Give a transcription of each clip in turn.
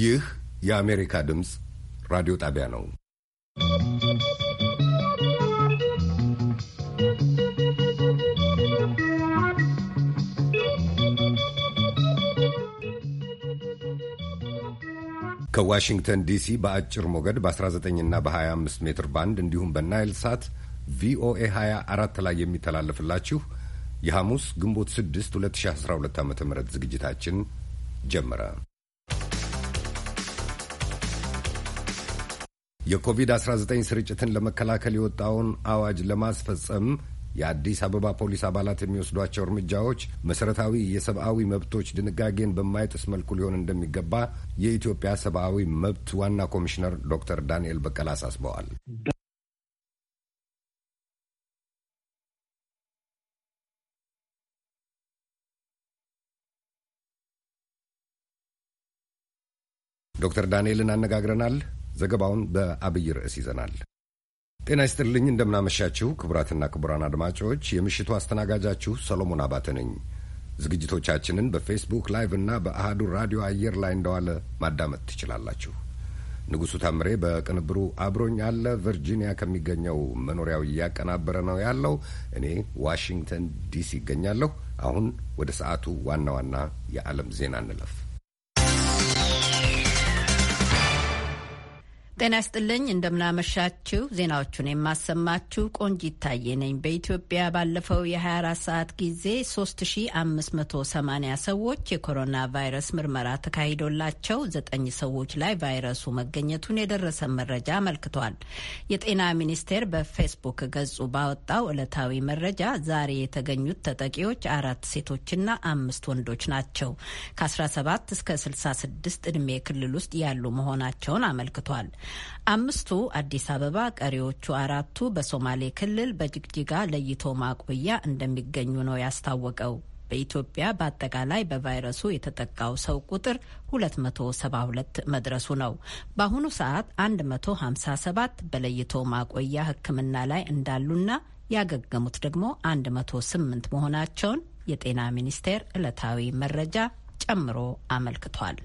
ይህ የአሜሪካ ድምፅ ራዲዮ ጣቢያ ነው። ከዋሽንግተን ዲሲ በአጭር ሞገድ በ19 እና በ25 ሜትር ባንድ እንዲሁም በናይል ሳት ቪኦኤ 24 ላይ የሚተላለፍላችሁ የሐሙስ ግንቦት 6 2012 ዓ ም ዝግጅታችን ጀመረ። የኮቪድ-19 ስርጭትን ለመከላከል የወጣውን አዋጅ ለማስፈጸም የአዲስ አበባ ፖሊስ አባላት የሚወስዷቸው እርምጃዎች መሰረታዊ የሰብአዊ መብቶች ድንጋጌን በማይጥስ መልኩ ሊሆን እንደሚገባ የኢትዮጵያ ሰብአዊ መብት ዋና ኮሚሽነር ዶክተር ዳንኤል በቀለ አሳስበዋል። ዶክተር ዳንኤልን አነጋግረናል። ዘገባውን በአብይ ርዕስ ይዘናል። ጤና ይስጥልኝ፣ እንደምናመሻችሁ ክቡራትና ክቡራን አድማጮች የምሽቱ አስተናጋጃችሁ ሰሎሞን አባተ ነኝ። ዝግጅቶቻችንን በፌስቡክ ላይቭ እና በአህዱ ራዲዮ አየር ላይ እንደዋለ ማዳመጥ ትችላላችሁ። ንጉሡ ታምሬ በቅንብሩ አብሮኝ አለ። ቨርጂኒያ ከሚገኘው መኖሪያው እያቀናበረ ነው ያለው። እኔ ዋሽንግተን ዲሲ ይገኛለሁ። አሁን ወደ ሰዓቱ ዋና ዋና የዓለም ዜና እንለፍ። ጤና ይስጥልኝ። እንደምናመሻችው ዜናዎቹን የማሰማችሁ ቆንጂ ይታየ ነኝ። በኢትዮጵያ ባለፈው የ24 ሰዓት ጊዜ 3580 ሰዎች የኮሮና ቫይረስ ምርመራ ተካሂዶላቸው ዘጠኝ ሰዎች ላይ ቫይረሱ መገኘቱን የደረሰ መረጃ አመልክቷል። የጤና ሚኒስቴር በፌስቡክ ገጹ ባወጣው ዕለታዊ መረጃ ዛሬ የተገኙት ተጠቂዎች አራት ሴቶችና አምስት ወንዶች ናቸው። ከ17 እስከ 66 ዕድሜ ክልል ውስጥ ያሉ መሆናቸውን አመልክቷል። አምስቱ አዲስ አበባ፣ ቀሪዎቹ አራቱ በሶማሌ ክልል በጅግጅጋ ለይቶ ማቆያ እንደሚገኙ ነው ያስታወቀው። በኢትዮጵያ በአጠቃላይ በቫይረሱ የተጠቃው ሰው ቁጥር 272 መድረሱ ነው። በአሁኑ ሰዓት 157 በለይቶ ማቆያ ሕክምና ላይ እንዳሉና ያገገሙት ደግሞ 108 መሆናቸውን የጤና ሚኒስቴር ዕለታዊ መረጃ ጨምሮ አመልክቷል።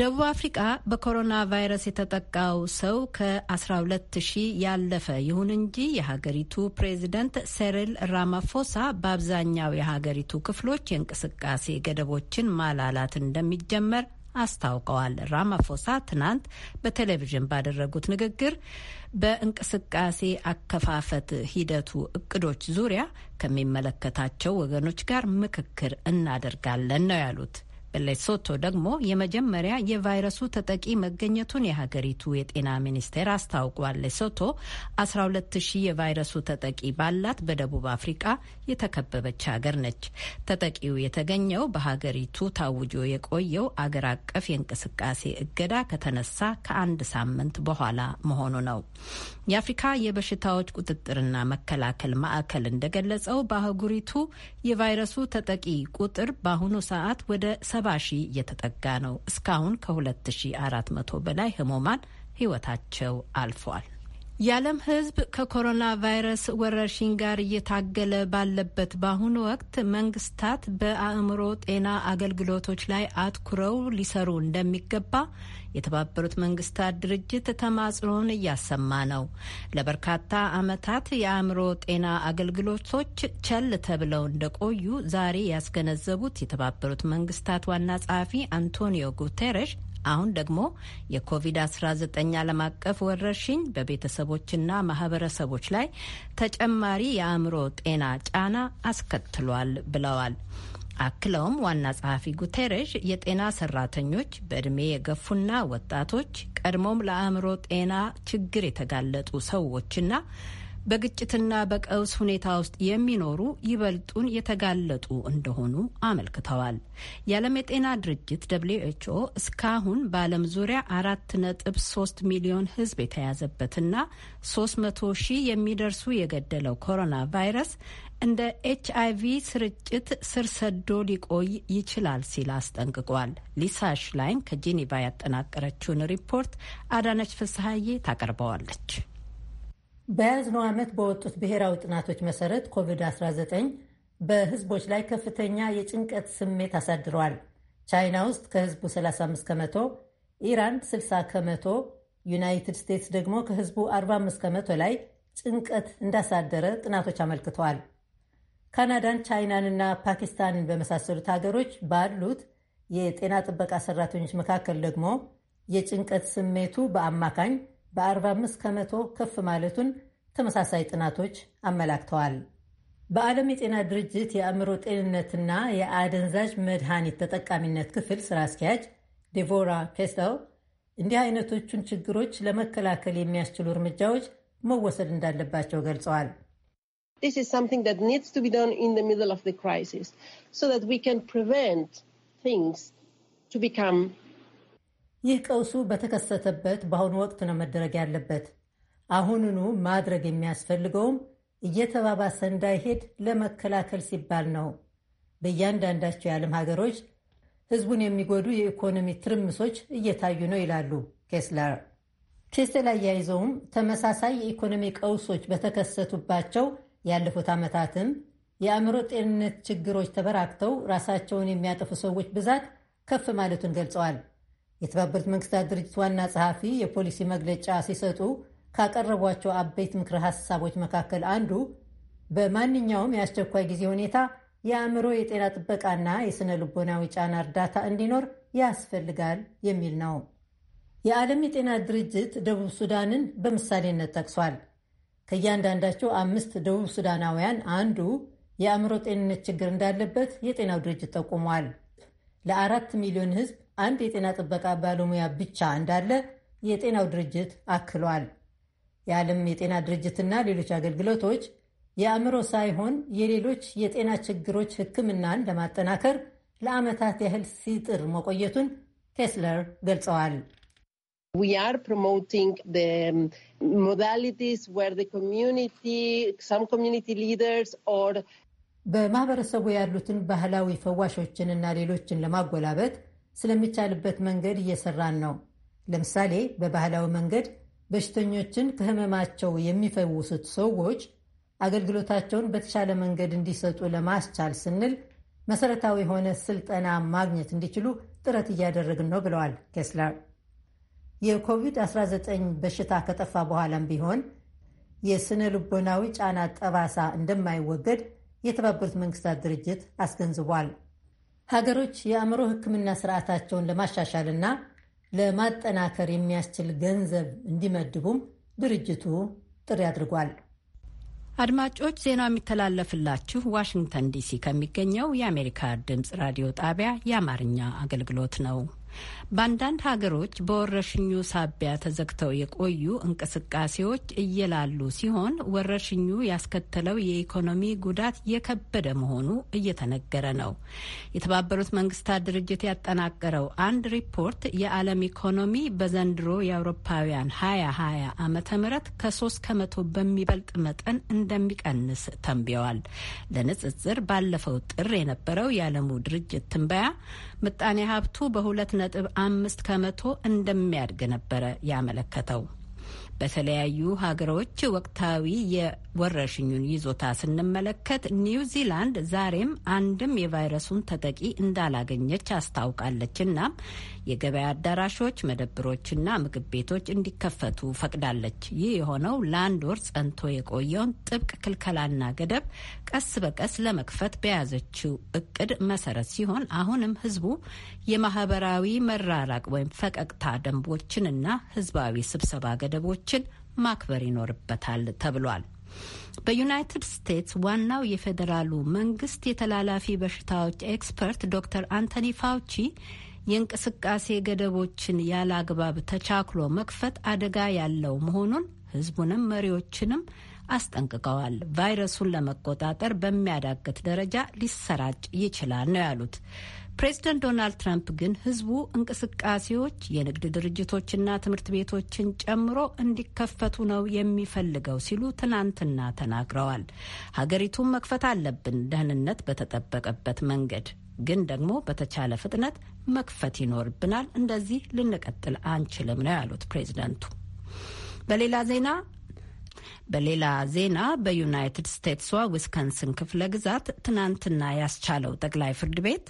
ደቡብ አፍሪቃ በኮሮና ቫይረስ የተጠቃው ሰው ከ12 ሺህ ያለፈ ይሁን እንጂ የሀገሪቱ ፕሬዚደንት ሴሪል ራማፎሳ በአብዛኛው የሀገሪቱ ክፍሎች የእንቅስቃሴ ገደቦችን ማላላት እንደሚጀመር አስታውቀዋል። ራማፎሳ ትናንት በቴሌቪዥን ባደረጉት ንግግር በእንቅስቃሴ አከፋፈት ሂደቱ እቅዶች ዙሪያ ከሚመለከታቸው ወገኖች ጋር ምክክር እናደርጋለን ነው ያሉት። በሌሶቶ ደግሞ የመጀመሪያ የቫይረሱ ተጠቂ መገኘቱን የሀገሪቱ የጤና ሚኒስቴር አስታውቋል። ሌሶቶ 12000 የቫይረሱ ተጠቂ ባላት በደቡብ አፍሪቃ የተከበበች ሀገር ነች። ተጠቂው የተገኘው በሀገሪቱ ታውጆ የቆየው አገር አቀፍ የእንቅስቃሴ እገዳ ከተነሳ ከአንድ ሳምንት በኋላ መሆኑ ነው። የአፍሪካ የበሽታዎች ቁጥጥርና መከላከል ማዕከል እንደገለጸው በአህጉሪቱ የቫይረሱ ተጠቂ ቁጥር በአሁኑ ሰዓት ወደ 70 ሺህ እየተጠጋ ነው። እስካሁን ከ2400 በላይ ህሙማን ህይወታቸው አልፏል። የዓለም ሕዝብ ከኮሮና ቫይረስ ወረርሽኝ ጋር እየታገለ ባለበት በአሁኑ ወቅት መንግስታት በአእምሮ ጤና አገልግሎቶች ላይ አትኩረው ሊሰሩ እንደሚገባ የተባበሩት መንግስታት ድርጅት ተማጽኖን እያሰማ ነው። ለበርካታ ዓመታት የአእምሮ ጤና አገልግሎቶች ቸል ተብለው እንደቆዩ ዛሬ ያስገነዘቡት የተባበሩት መንግስታት ዋና ጸሐፊ አንቶኒዮ ጉተረሽ አሁን ደግሞ የኮቪድ-19 ዓለም አቀፍ ወረርሽኝ በቤተሰቦችና ማህበረሰቦች ላይ ተጨማሪ የአእምሮ ጤና ጫና አስከትሏል ብለዋል። አክለውም ዋና ጸሐፊ ጉቴሬሽ የጤና ሰራተኞች፣ በእድሜ የገፉና ወጣቶች፣ ቀድሞም ለአእምሮ ጤና ችግር የተጋለጡ ሰዎችና በግጭትና በቀውስ ሁኔታ ውስጥ የሚኖሩ ይበልጡን የተጋለጡ እንደሆኑ አመልክተዋል። የዓለም የጤና ድርጅት ደብሊው ኤች ኦ እስካሁን በዓለም ዙሪያ አራት ነጥብ ሶስት ሚሊዮን ሕዝብ የተያዘበትና ሶስት መቶ ሺህ የሚደርሱ የገደለው ኮሮና ቫይረስ እንደ ኤች አይ ቪ ስርጭት ስር ሰዶ ሊቆይ ይችላል ሲል አስጠንቅቋል። ሊሳ ሽላይን ከጄኔቫ ያጠናቀረችውን ሪፖርት አዳነች ፍስሀዬ ታቀርበዋለች። በያዝነው ዓመት በወጡት ብሔራዊ ጥናቶች መሰረት ኮቪድ-19 በህዝቦች ላይ ከፍተኛ የጭንቀት ስሜት አሳድረዋል። ቻይና ውስጥ ከህዝቡ 35 ከመቶ፣ ኢራን 60 ከመቶ፣ ዩናይትድ ስቴትስ ደግሞ ከህዝቡ 45 ከመቶ ላይ ጭንቀት እንዳሳደረ ጥናቶች አመልክተዋል። ካናዳን፣ ቻይናንና ፓኪስታንን በመሳሰሉት ሀገሮች ባሉት የጤና ጥበቃ ሰራተኞች መካከል ደግሞ የጭንቀት ስሜቱ በአማካኝ በ45 ከመቶ ከፍ ማለቱን ተመሳሳይ ጥናቶች አመላክተዋል። በዓለም የጤና ድርጅት የአእምሮ ጤንነትና የአደንዛዥ መድኃኒት ተጠቃሚነት ክፍል ስራ አስኪያጅ ዴቮራ ኬስተው እንዲህ አይነቶቹን ችግሮች ለመከላከል የሚያስችሉ እርምጃዎች መወሰድ እንዳለባቸው ገልጸዋል። This is something that needs to be done in the middle of the crisis so that we can prevent things to become ይህ ቀውሱ በተከሰተበት በአሁኑ ወቅት ነው መደረግ ያለበት። አሁንኑ ማድረግ የሚያስፈልገውም እየተባባሰ እንዳይሄድ ለመከላከል ሲባል ነው። በእያንዳንዳቸው የዓለም ሀገሮች ህዝቡን የሚጎዱ የኢኮኖሚ ትርምሶች እየታዩ ነው ይላሉ ኬስለር። ኬስለር አያይዘውም ተመሳሳይ የኢኮኖሚ ቀውሶች በተከሰቱባቸው ያለፉት ዓመታትም የአእምሮ ጤንነት ችግሮች ተበራክተው ራሳቸውን የሚያጠፉ ሰዎች ብዛት ከፍ ማለቱን ገልጸዋል። የተባበሩት መንግስታት ድርጅት ዋና ጸሐፊ የፖሊሲ መግለጫ ሲሰጡ ካቀረቧቸው አበይት ምክረ ሀሳቦች መካከል አንዱ በማንኛውም የአስቸኳይ ጊዜ ሁኔታ የአእምሮ የጤና ጥበቃና የሥነ ልቦናዊ ጫና እርዳታ እንዲኖር ያስፈልጋል የሚል ነው። የዓለም የጤና ድርጅት ደቡብ ሱዳንን በምሳሌነት ጠቅሷል። ከእያንዳንዳቸው አምስት ደቡብ ሱዳናውያን አንዱ የአእምሮ ጤንነት ችግር እንዳለበት የጤናው ድርጅት ጠቁሟል። ለአራት ሚሊዮን ሕዝብ አንድ የጤና ጥበቃ ባለሙያ ብቻ እንዳለ የጤናው ድርጅት አክሏል። የዓለም የጤና ድርጅትና ሌሎች አገልግሎቶች የአእምሮ ሳይሆን የሌሎች የጤና ችግሮች ሕክምናን ለማጠናከር ለዓመታት ያህል ሲጥር መቆየቱን ቴስለር ገልጸዋል። በማህበረሰቡ ያሉትን ባህላዊ ፈዋሾችንና ሌሎችን ለማጎላበት ስለሚቻልበት መንገድ እየሰራን ነው። ለምሳሌ በባህላዊ መንገድ በሽተኞችን ከህመማቸው የሚፈውሱት ሰዎች አገልግሎታቸውን በተሻለ መንገድ እንዲሰጡ ለማስቻል ስንል መሰረታዊ የሆነ ስልጠና ማግኘት እንዲችሉ ጥረት እያደረግን ነው ብለዋል ኬስለር። የኮቪድ-19 በሽታ ከጠፋ በኋላም ቢሆን የስነ ልቦናዊ ጫና ጠባሳ እንደማይወገድ የተባበሩት መንግስታት ድርጅት አስገንዝቧል። ሀገሮች የአእምሮ ሕክምና ስርዓታቸውን ለማሻሻልና ለማጠናከር የሚያስችል ገንዘብ እንዲመድቡም ድርጅቱ ጥሪ አድርጓል። አድማጮች ዜናው የሚተላለፍላችሁ ዋሽንግተን ዲሲ ከሚገኘው የአሜሪካ ድምፅ ራዲዮ ጣቢያ የአማርኛ አገልግሎት ነው። በአንዳንድ ሀገሮች በወረርሽኙ ሳቢያ ተዘግተው የቆዩ እንቅስቃሴዎች እየላሉ ሲሆን ወረርሽኙ ያስከተለው የኢኮኖሚ ጉዳት የከበደ መሆኑ እየተነገረ ነው። የተባበሩት መንግስታት ድርጅት ያጠናቀረው አንድ ሪፖርት የዓለም ኢኮኖሚ በዘንድሮ የአውሮፓውያን 2020 ዓመተ ምህረት ከሶስት ከመቶ በሚበልጥ መጠን እንደሚቀንስ ተንብየዋል። ለንጽጽር ባለፈው ጥር የነበረው የዓለሙ ድርጅት ትንበያ ምጣኔ ሀብቱ በሁለት ነጥብ አምስት ከመቶ እንደሚያድግ ነበረ ያመለከተው። በተለያዩ ሀገሮች ወቅታዊ የወረርሽኙን ይዞታ ስንመለከት ኒውዚላንድ ዛሬም አንድም የቫይረሱን ተጠቂ እንዳላገኘች አስታውቃለች። እናም የገበያ አዳራሾች፣ መደብሮችና ምግብ ቤቶች እንዲከፈቱ ፈቅዳለች። ይህ የሆነው ለአንድ ወር ጸንቶ የቆየውን ጥብቅ ክልከላና ገደብ ቀስ በቀስ ለመክፈት በያዘችው እቅድ መሰረት ሲሆን አሁንም ህዝቡ የማህበራዊ መራራቅ ወይም ፈቀቅታ ደንቦችንና ህዝባዊ ስብሰባ ገደቦችን ማክበር ይኖርበታል ተብሏል። በዩናይትድ ስቴትስ ዋናው የፌዴራሉ መንግስት የተላላፊ በሽታዎች ኤክስፐርት ዶክተር አንቶኒ ፋውቺ የእንቅስቃሴ ገደቦችን ያለ አግባብ ተቻክሎ መክፈት አደጋ ያለው መሆኑን ህዝቡንም መሪዎችንም አስጠንቅቀዋል። ቫይረሱን ለመቆጣጠር በሚያዳግት ደረጃ ሊሰራጭ ይችላል ነው ያሉት። ፕሬዝደንት ዶናልድ ትራምፕ ግን ህዝቡ እንቅስቃሴዎች የንግድ ድርጅቶችና ትምህርት ቤቶችን ጨምሮ እንዲከፈቱ ነው የሚፈልገው ሲሉ ትናንትና ተናግረዋል። ሀገሪቱን መክፈት አለብን፣ ደህንነት በተጠበቀበት መንገድ ግን ደግሞ በተቻለ ፍጥነት መክፈት ይኖርብናል። እንደዚህ ልንቀጥል አንችልም ነው ያሉት ፕሬዚደንቱ። በሌላ ዜና በሌላ ዜና በዩናይትድ ስቴትስዋ ዊስከንስን ክፍለ ግዛት ትናንትና ያስቻለው ጠቅላይ ፍርድ ቤት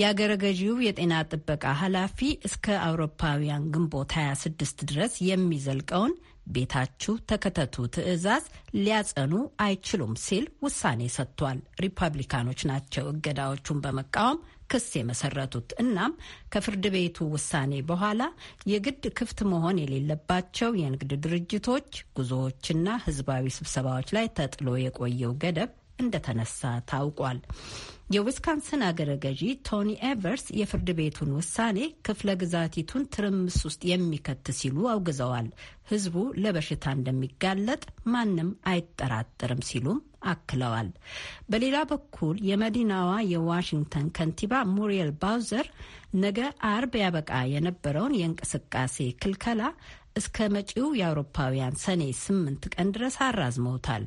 የአገረ ገዢው የጤና ጥበቃ ኃላፊ እስከ አውሮፓውያን ግንቦት 26 ድረስ የሚዘልቀውን ቤታችሁ ተከተቱ ትዕዛዝ ሊያጸኑ አይችሉም ሲል ውሳኔ ሰጥቷል። ሪፐብሊካኖች ናቸው እገዳዎቹን በመቃወም ክስ የመሰረቱት። እናም ከፍርድ ቤቱ ውሳኔ በኋላ የግድ ክፍት መሆን የሌለባቸው የንግድ ድርጅቶች፣ ጉዞዎችና ህዝባዊ ስብሰባዎች ላይ ተጥሎ የቆየው ገደብ እንደተነሳ ታውቋል። የዊስካንስን አገረ ገዢ ቶኒ ኤቨርስ የፍርድ ቤቱን ውሳኔ ክፍለ ግዛቲቱን ትርምስ ውስጥ የሚከት ሲሉ አውግዘዋል። ህዝቡ ለበሽታ እንደሚጋለጥ ማንም አይጠራጠርም ሲሉም አክለዋል። በሌላ በኩል የመዲናዋ የዋሽንግተን ከንቲባ ሙሪየል ባውዘር ነገ አርብ ያበቃ የነበረውን የእንቅስቃሴ ክልከላ እስከ መጪው የአውሮፓውያን ሰኔ ስምንት ቀን ድረስ አራዝመውታል።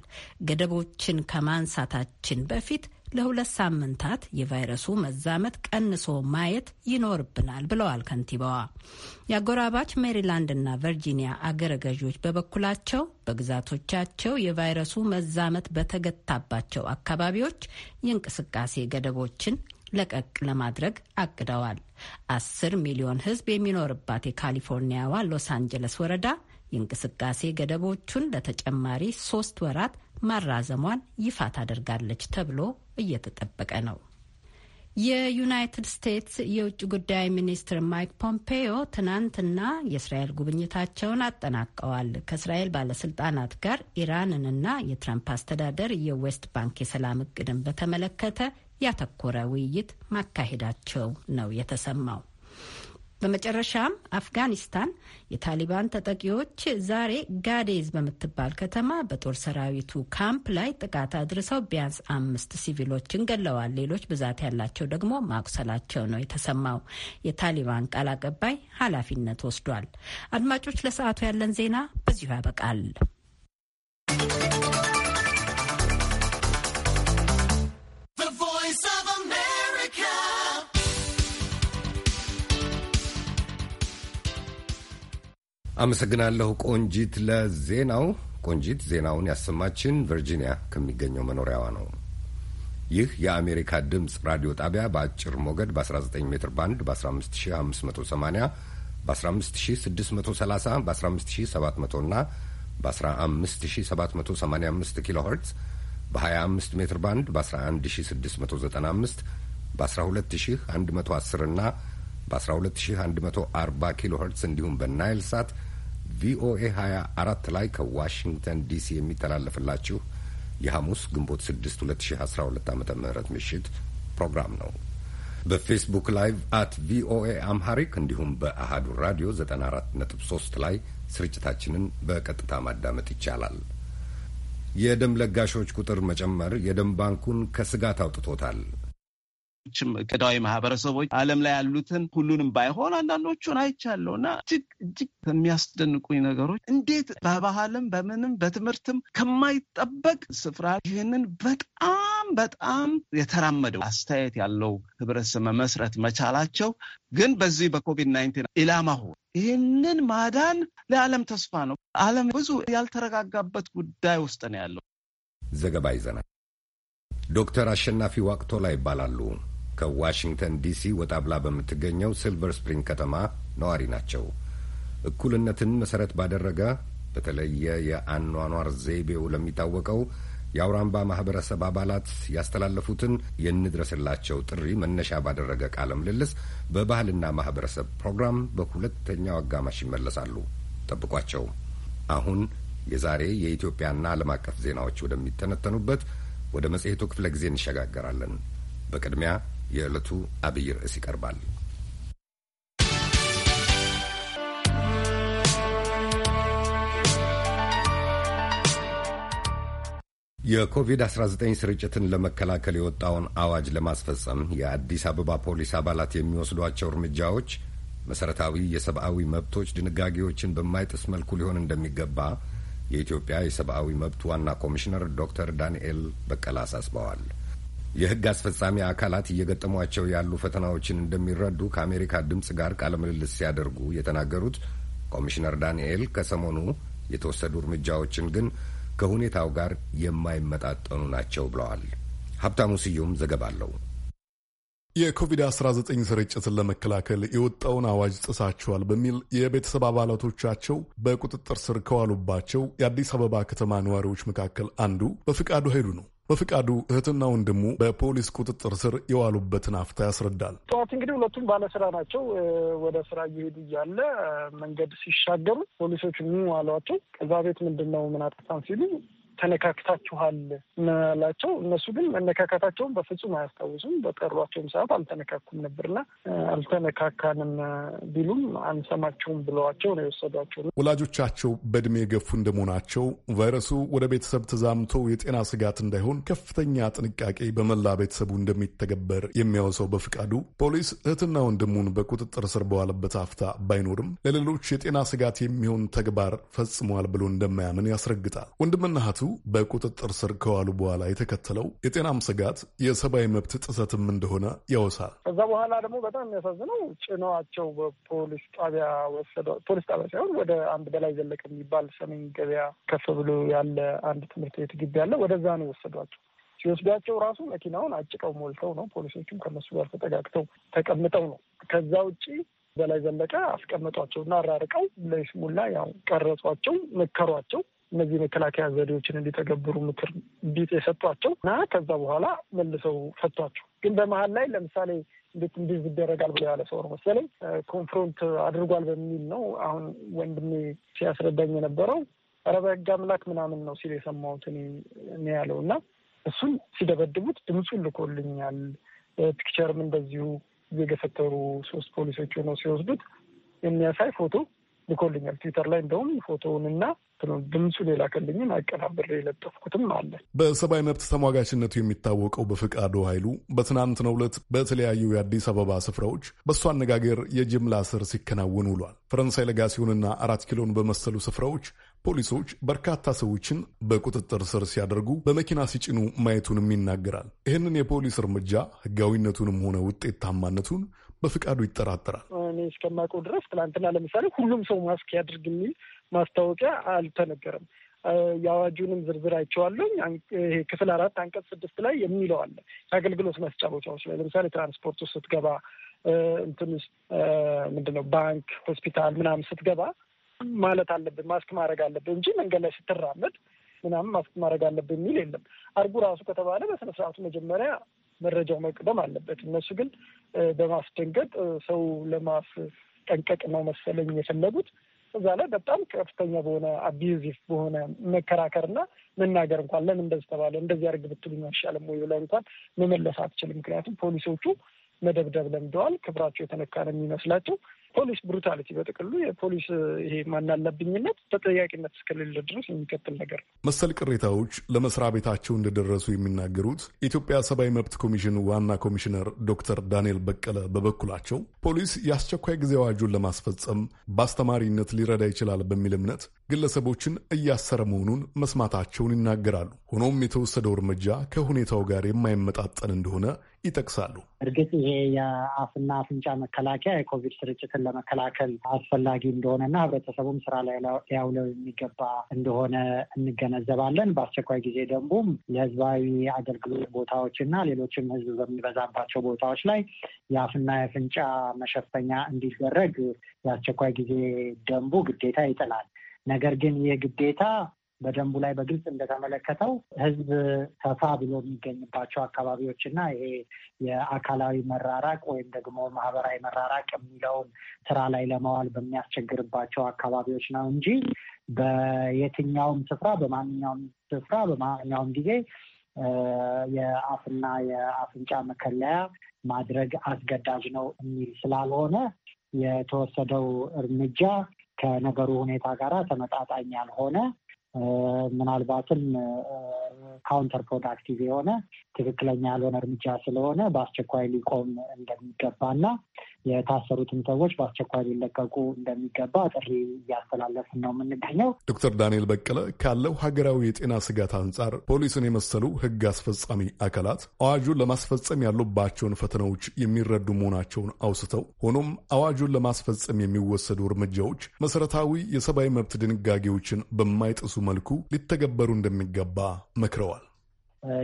ገደቦችን ከማንሳታችን በፊት ለሁለት ሳምንታት የቫይረሱ መዛመት ቀንሶ ማየት ይኖርብናል ብለዋል ከንቲባዋ። የአጎራባች ሜሪላንድ እና ቨርጂኒያ አገረ ገዢዎች በበኩላቸው በግዛቶቻቸው የቫይረሱ መዛመት በተገታባቸው አካባቢዎች የእንቅስቃሴ ገደቦችን ለቀቅ ለማድረግ አቅደዋል። አስር ሚሊዮን ሕዝብ የሚኖርባት የካሊፎርኒያዋ ሎስ አንጀለስ ወረዳ የእንቅስቃሴ ገደቦቹን ለተጨማሪ ሶስት ወራት ማራዘሟን ይፋ ታደርጋለች ተብሎ እየተጠበቀ ነው። የዩናይትድ ስቴትስ የውጭ ጉዳይ ሚኒስትር ማይክ ፖምፔዮ ትናንትና የእስራኤል ጉብኝታቸውን አጠናቀዋል። ከእስራኤል ባለስልጣናት ጋር ኢራንንና የትራምፕ አስተዳደር የዌስት ባንክ የሰላም እቅድን በተመለከተ ያተኮረ ውይይት ማካሄዳቸው ነው የተሰማው። በመጨረሻም አፍጋኒስታን የታሊባን ተጠቂዎች ዛሬ ጋዴዝ በምትባል ከተማ በጦር ሰራዊቱ ካምፕ ላይ ጥቃት አድርሰው ቢያንስ አምስት ሲቪሎችን ገለዋል። ሌሎች ብዛት ያላቸው ደግሞ ማቁሰላቸው ነው የተሰማው። የታሊባን ቃል አቀባይ ኃላፊነት ወስዷል። አድማጮች፣ ለሰዓቱ ያለን ዜና በዚሁ ያበቃል። አመሰግናለሁ ቆንጂት ለዜናው። ቆንጂት ዜናውን ያሰማችን ቨርጂኒያ ከሚገኘው መኖሪያዋ ነው። ይህ የአሜሪካ ድምፅ ራዲዮ ጣቢያ በአጭር ሞገድ በ19 ሜትር ባንድ በ15580 በ15630 በ15700 እና በ15785 ኪሎ ኸርትዝ በ25 ሜትር ባንድ በ11695 በ12110 እና በ12140 ኪሎ ኸርትዝ እንዲሁም በናይል ሳት ቪኦኤ 24 ላይ ከዋሽንግተን ዲሲ የሚተላለፍላችሁ የሐሙስ ግንቦት 6 2012 ዓ ም ምሽት ፕሮግራም ነው። በፌስቡክ ላይቭ አት ቪኦኤ አምሃሪክ እንዲሁም በአሃዱ ራዲዮ 94.3 ላይ ስርጭታችንን በቀጥታ ማዳመጥ ይቻላል። የደም ለጋሾች ቁጥር መጨመር የደም ባንኩን ከስጋት አውጥቶታል። ሌሎችም ቅዳዊ ማህበረሰቦች ዓለም ላይ ያሉትን ሁሉንም ባይሆን አንዳንዶቹን አይቻለሁ እና እጅግ እጅግ የሚያስደንቁኝ ነገሮች እንዴት በባህልም በምንም በትምህርትም ከማይጠበቅ ስፍራ ይህንን በጣም በጣም የተራመደው አስተያየት ያለው ህብረተሰብ መመስረት መቻላቸው ግን በዚህ በኮቪድ ናይንቲን ኢላማ ሆ ይህንን ማዳን ለዓለም ተስፋ ነው። ዓለም ብዙ ያልተረጋጋበት ጉዳይ ውስጥ ነው ያለው። ዘገባ ይዘናል። ዶክተር አሸናፊ ዋቅቶላ ይባላሉ። ከዋሽንግተን ዲሲ ወጣ ብላ በምትገኘው ሲልቨር ስፕሪንግ ከተማ ነዋሪ ናቸው። እኩልነትን መሰረት ባደረገ በተለየ የአኗኗር ዘይቤው ለሚታወቀው የአውራምባ ማህበረሰብ አባላት ያስተላለፉትን የንድረስላቸው ጥሪ መነሻ ባደረገ ቃለ ምልልስ በባህልና ማህበረሰብ ፕሮግራም በሁለተኛው አጋማሽ ይመለሳሉ። ጠብቋቸው። አሁን የዛሬ የኢትዮጵያና ዓለም አቀፍ ዜናዎች ወደሚተነተኑበት ወደ መጽሔቱ ክፍለ ጊዜ እንሸጋገራለን። በቅድሚያ የዕለቱ አብይ ርዕስ ይቀርባል። የኮቪድ-19 ስርጭትን ለመከላከል የወጣውን አዋጅ ለማስፈጸም የአዲስ አበባ ፖሊስ አባላት የሚወስዷቸው እርምጃዎች መሰረታዊ የሰብአዊ መብቶች ድንጋጌዎችን በማይጥስ መልኩ ሊሆን እንደሚገባ የኢትዮጵያ የሰብአዊ መብት ዋና ኮሚሽነር ዶክተር ዳንኤል በቀለ አሳስበዋል። የህግ አስፈጻሚ አካላት እየገጠሟቸው ያሉ ፈተናዎችን እንደሚረዱ ከአሜሪካ ድምፅ ጋር ቃለ ምልልስ ሲያደርጉ የተናገሩት ኮሚሽነር ዳንኤል ከሰሞኑ የተወሰዱ እርምጃዎችን ግን ከሁኔታው ጋር የማይመጣጠኑ ናቸው ብለዋል። ሀብታሙ ስዩም ዘገባ አለው። የኮቪድ-19 ስርጭትን ለመከላከል የወጣውን አዋጅ ጥሳቸዋል በሚል የቤተሰብ አባላቶቻቸው በቁጥጥር ስር ከዋሉባቸው የአዲስ አበባ ከተማ ነዋሪዎች መካከል አንዱ በፍቃዱ ኃይሉ ነው። በፍቃዱ እህትና ወንድሙ በፖሊስ ቁጥጥር ስር የዋሉበትን አፍታ ያስረዳል። ጠዋት እንግዲህ ሁለቱም ባለስራ ናቸው። ወደ ስራ እየሄዱ እያለ መንገድ ሲሻገሩ ፖሊሶች ምን አሏቸው። ከዛ ቤት ምንድን ነው ምን አጠፋን ሲሉ ተነካክታችኋል ምናላቸው። እነሱ ግን መነካካታቸውን በፍጹም አያስታውሱም። በጠሯቸውም ሰዓት አልተነካኩም ነበርና አልተነካካንም ቢሉም አንሰማቸውም ብለዋቸው ነው የወሰዷቸው። ወላጆቻቸው በእድሜ የገፉ እንደመሆናቸው ቫይረሱ ወደ ቤተሰብ ተዛምቶ የጤና ስጋት እንዳይሆን ከፍተኛ ጥንቃቄ በመላ ቤተሰቡ እንደሚተገበር የሚያወሰው በፍቃዱ ፖሊስ እህትና ወንድሙን በቁጥጥር ስር በዋለበት አፍታ ባይኖርም ለሌሎች የጤና ስጋት የሚሆን ተግባር ፈጽሟል ብሎ እንደማያምን ያስረግጣል። ወንድምና እህቱ በቁጥጥር ስር ከዋሉ በኋላ የተከተለው የጤናም ስጋት የሰብአዊ መብት ጥሰትም እንደሆነ ያወሳል። ከዛ በኋላ ደግሞ በጣም የሚያሳዝነው ጭነዋቸው በፖሊስ ጣቢያ ወሰደው። ፖሊስ ጣቢያ ሳይሆን ወደ አንድ በላይ ዘለቀ የሚባል ሰሜን ገበያ ከፍ ብሎ ያለ አንድ ትምህርት ቤት ግቢ ያለ ወደዛ ነው ወሰዷቸው። ሲወስዷቸው ራሱ መኪናውን አጭቀው ሞልተው ነው። ፖሊሶቹም ከነሱ ጋር ተጠጋግተው ተቀምጠው ነው። ከዛ ውጪ በላይ ዘለቀ አስቀመጧቸው እና አራርቀው ለይስሙላ ያው ቀረጿቸው፣ መከሯቸው። እነዚህ መከላከያ ዘዴዎችን እንዲተገብሩ ምክር ቢት የሰጧቸው እና ከዛ በኋላ መልሰው ፈቷቸው። ግን በመሀል ላይ ለምሳሌ እንዴት እንዲዝ ይደረጋል ብሎ ያለ ሰው ነው መሰለኝ ኮንፍሮንት አድርጓል በሚል ነው አሁን ወንድሜ ሲያስረዳኝ የነበረው ኧረ በሕግ አምላክ ምናምን ነው ሲል የሰማሁት እኔ ያለው እና እሱን ሲደበድቡት ድምፁን ልኮልኛል። ፒክቸርም እንደዚሁ እየገፈተሩ ሶስት ፖሊሶች ሆነው ሲወስዱት የሚያሳይ ፎቶ ልኮልኛል። ትዊተር ላይ እንደውም ፎቶውን እና ነው ሌላ ከልኝን አቀናብሬ የለጠፍኩትም አለ። በሰብአዊ መብት ተሟጋችነቱ የሚታወቀው በፍቃዱ ኃይሉ በትናንትናው ዕለት በተለያዩ የአዲስ አበባ ስፍራዎች በእሱ አነጋገር የጅምላ እስር ሲከናወን ውሏል። ፈረንሳይ ለጋሲዮንና አራት ኪሎን በመሰሉ ስፍራዎች ፖሊሶች በርካታ ሰዎችን በቁጥጥር ስር ሲያደርጉ በመኪና ሲጭኑ ማየቱንም ይናገራል። ይህንን የፖሊስ እርምጃ ህጋዊነቱንም ሆነ ውጤታማነቱን በፍቃዱ ይጠራጠራል። እኔ እስከማውቀው ድረስ ትናንትና ለምሳሌ ሁሉም ሰው ማስክ ያድርግ የሚል ማስታወቂያ አልተነገረም። የአዋጁንም ዝርዝር አይቼዋለሁኝ። ይሄ ክፍል አራት አንቀጽ ስድስት ላይ የሚለው አለ። የአገልግሎት መስጫ ቦታዎች ላይ ለምሳሌ ትራንስፖርት ውስጥ ስትገባ፣ እንትን ውስጥ ምንድን ነው ባንክ፣ ሆስፒታል ምናምን ስትገባ ማለት አለብን ማስክ ማድረግ አለብን እንጂ መንገድ ላይ ስትራመድ ምናምን ማስክ ማድረግ አለብን የሚል የለም። አርጉ ራሱ ከተባለ በስነ ስርዓቱ መጀመሪያ መረጃው መቅደም አለበት። እነሱ ግን በማስደንገጥ ሰው ለማስጠንቀቅ ነው መሰለኝ የፈለጉት። እዛ ላይ በጣም ከፍተኛ በሆነ አቢዩዚቭ በሆነ መከራከር መከራከርና መናገር እንኳን ለምን እንደዚህ ተባለ እንደዚህ አድርግ ብትሉኝ አይሻልም ወይ ብላ እንኳን መመለስ አትችልም። ምክንያቱም ፖሊሶቹ መደብደብ ለምደዋል። ክብራቸው የተነካ ነው የሚመስላቸው። ፖሊስ ብሩታሊቲ በጥቅሉ የፖሊስ ይሄ ማናለብኝነት ተጠያቂነት እስከሌለ ድረስ የሚቀጥል ነገር ነው። መሰል ቅሬታዎች ለመስሪያ ቤታቸው እንደደረሱ የሚናገሩት የኢትዮጵያ ሰብአዊ መብት ኮሚሽን ዋና ኮሚሽነር ዶክተር ዳንኤል በቀለ በበኩላቸው ፖሊስ የአስቸኳይ ጊዜ አዋጁን ለማስፈጸም በአስተማሪነት ሊረዳ ይችላል በሚል እምነት ግለሰቦችን እያሰረ መሆኑን መስማታቸውን ይናገራሉ። ሆኖም የተወሰደው እርምጃ ከሁኔታው ጋር የማይመጣጠን እንደሆነ ይጠቅሳሉ። እርግጥ ይሄ የአፍና አፍንጫ መከላከያ የኮቪድ ስርጭት ራስን ለመከላከል አስፈላጊ እንደሆነና ህብረተሰቡም ስራ ላይ ሊያውለው የሚገባ እንደሆነ እንገነዘባለን። በአስቸኳይ ጊዜ ደንቡም ለህዝባዊ አገልግሎት ቦታዎችና ሌሎችም ህዝብ በሚበዛባቸው ቦታዎች ላይ የአፍና የፍንጫ መሸፈኛ እንዲደረግ የአስቸኳይ ጊዜ ደንቡ ግዴታ ይጥላል። ነገር ግን ይህ ግዴታ በደንቡ ላይ በግልጽ እንደተመለከተው ህዝብ ሰፋ ብሎ የሚገኝባቸው አካባቢዎች እና ይሄ የአካላዊ መራራቅ ወይም ደግሞ ማህበራዊ መራራቅ የሚለውን ስራ ላይ ለማዋል በሚያስቸግርባቸው አካባቢዎች ነው እንጂ በየትኛውም ስፍራ በማንኛውም ስፍራ በማንኛውም ጊዜ የአፍና የአፍንጫ መከለያ ማድረግ አስገዳጅ ነው የሚል ስላልሆነ የተወሰደው እርምጃ ከነገሩ ሁኔታ ጋር ተመጣጣኝ ያልሆነ ምናልባትም ካውንተር ፕሮዳክቲቭ የሆነ ትክክለኛ ያልሆነ እርምጃ ስለሆነ በአስቸኳይ ሊቆም እንደሚገባና የታሰሩትም ሰዎች በአስቸኳይ ሊለቀቁ እንደሚገባ ጥሪ እያስተላለፍ ነው የምንገኘው። ዶክተር ዳንኤል በቀለ ካለው ሀገራዊ የጤና ስጋት አንጻር ፖሊስን የመሰሉ ሕግ አስፈጻሚ አካላት አዋጁን ለማስፈጸም ያሉባቸውን ፈተናዎች የሚረዱ መሆናቸውን አውስተው ሆኖም አዋጁን ለማስፈጸም የሚወሰዱ እርምጃዎች መሰረታዊ የሰብአዊ መብት ድንጋጌዎችን በማይጥሱ መልኩ ሊተገበሩ እንደሚገባ መክረዋል።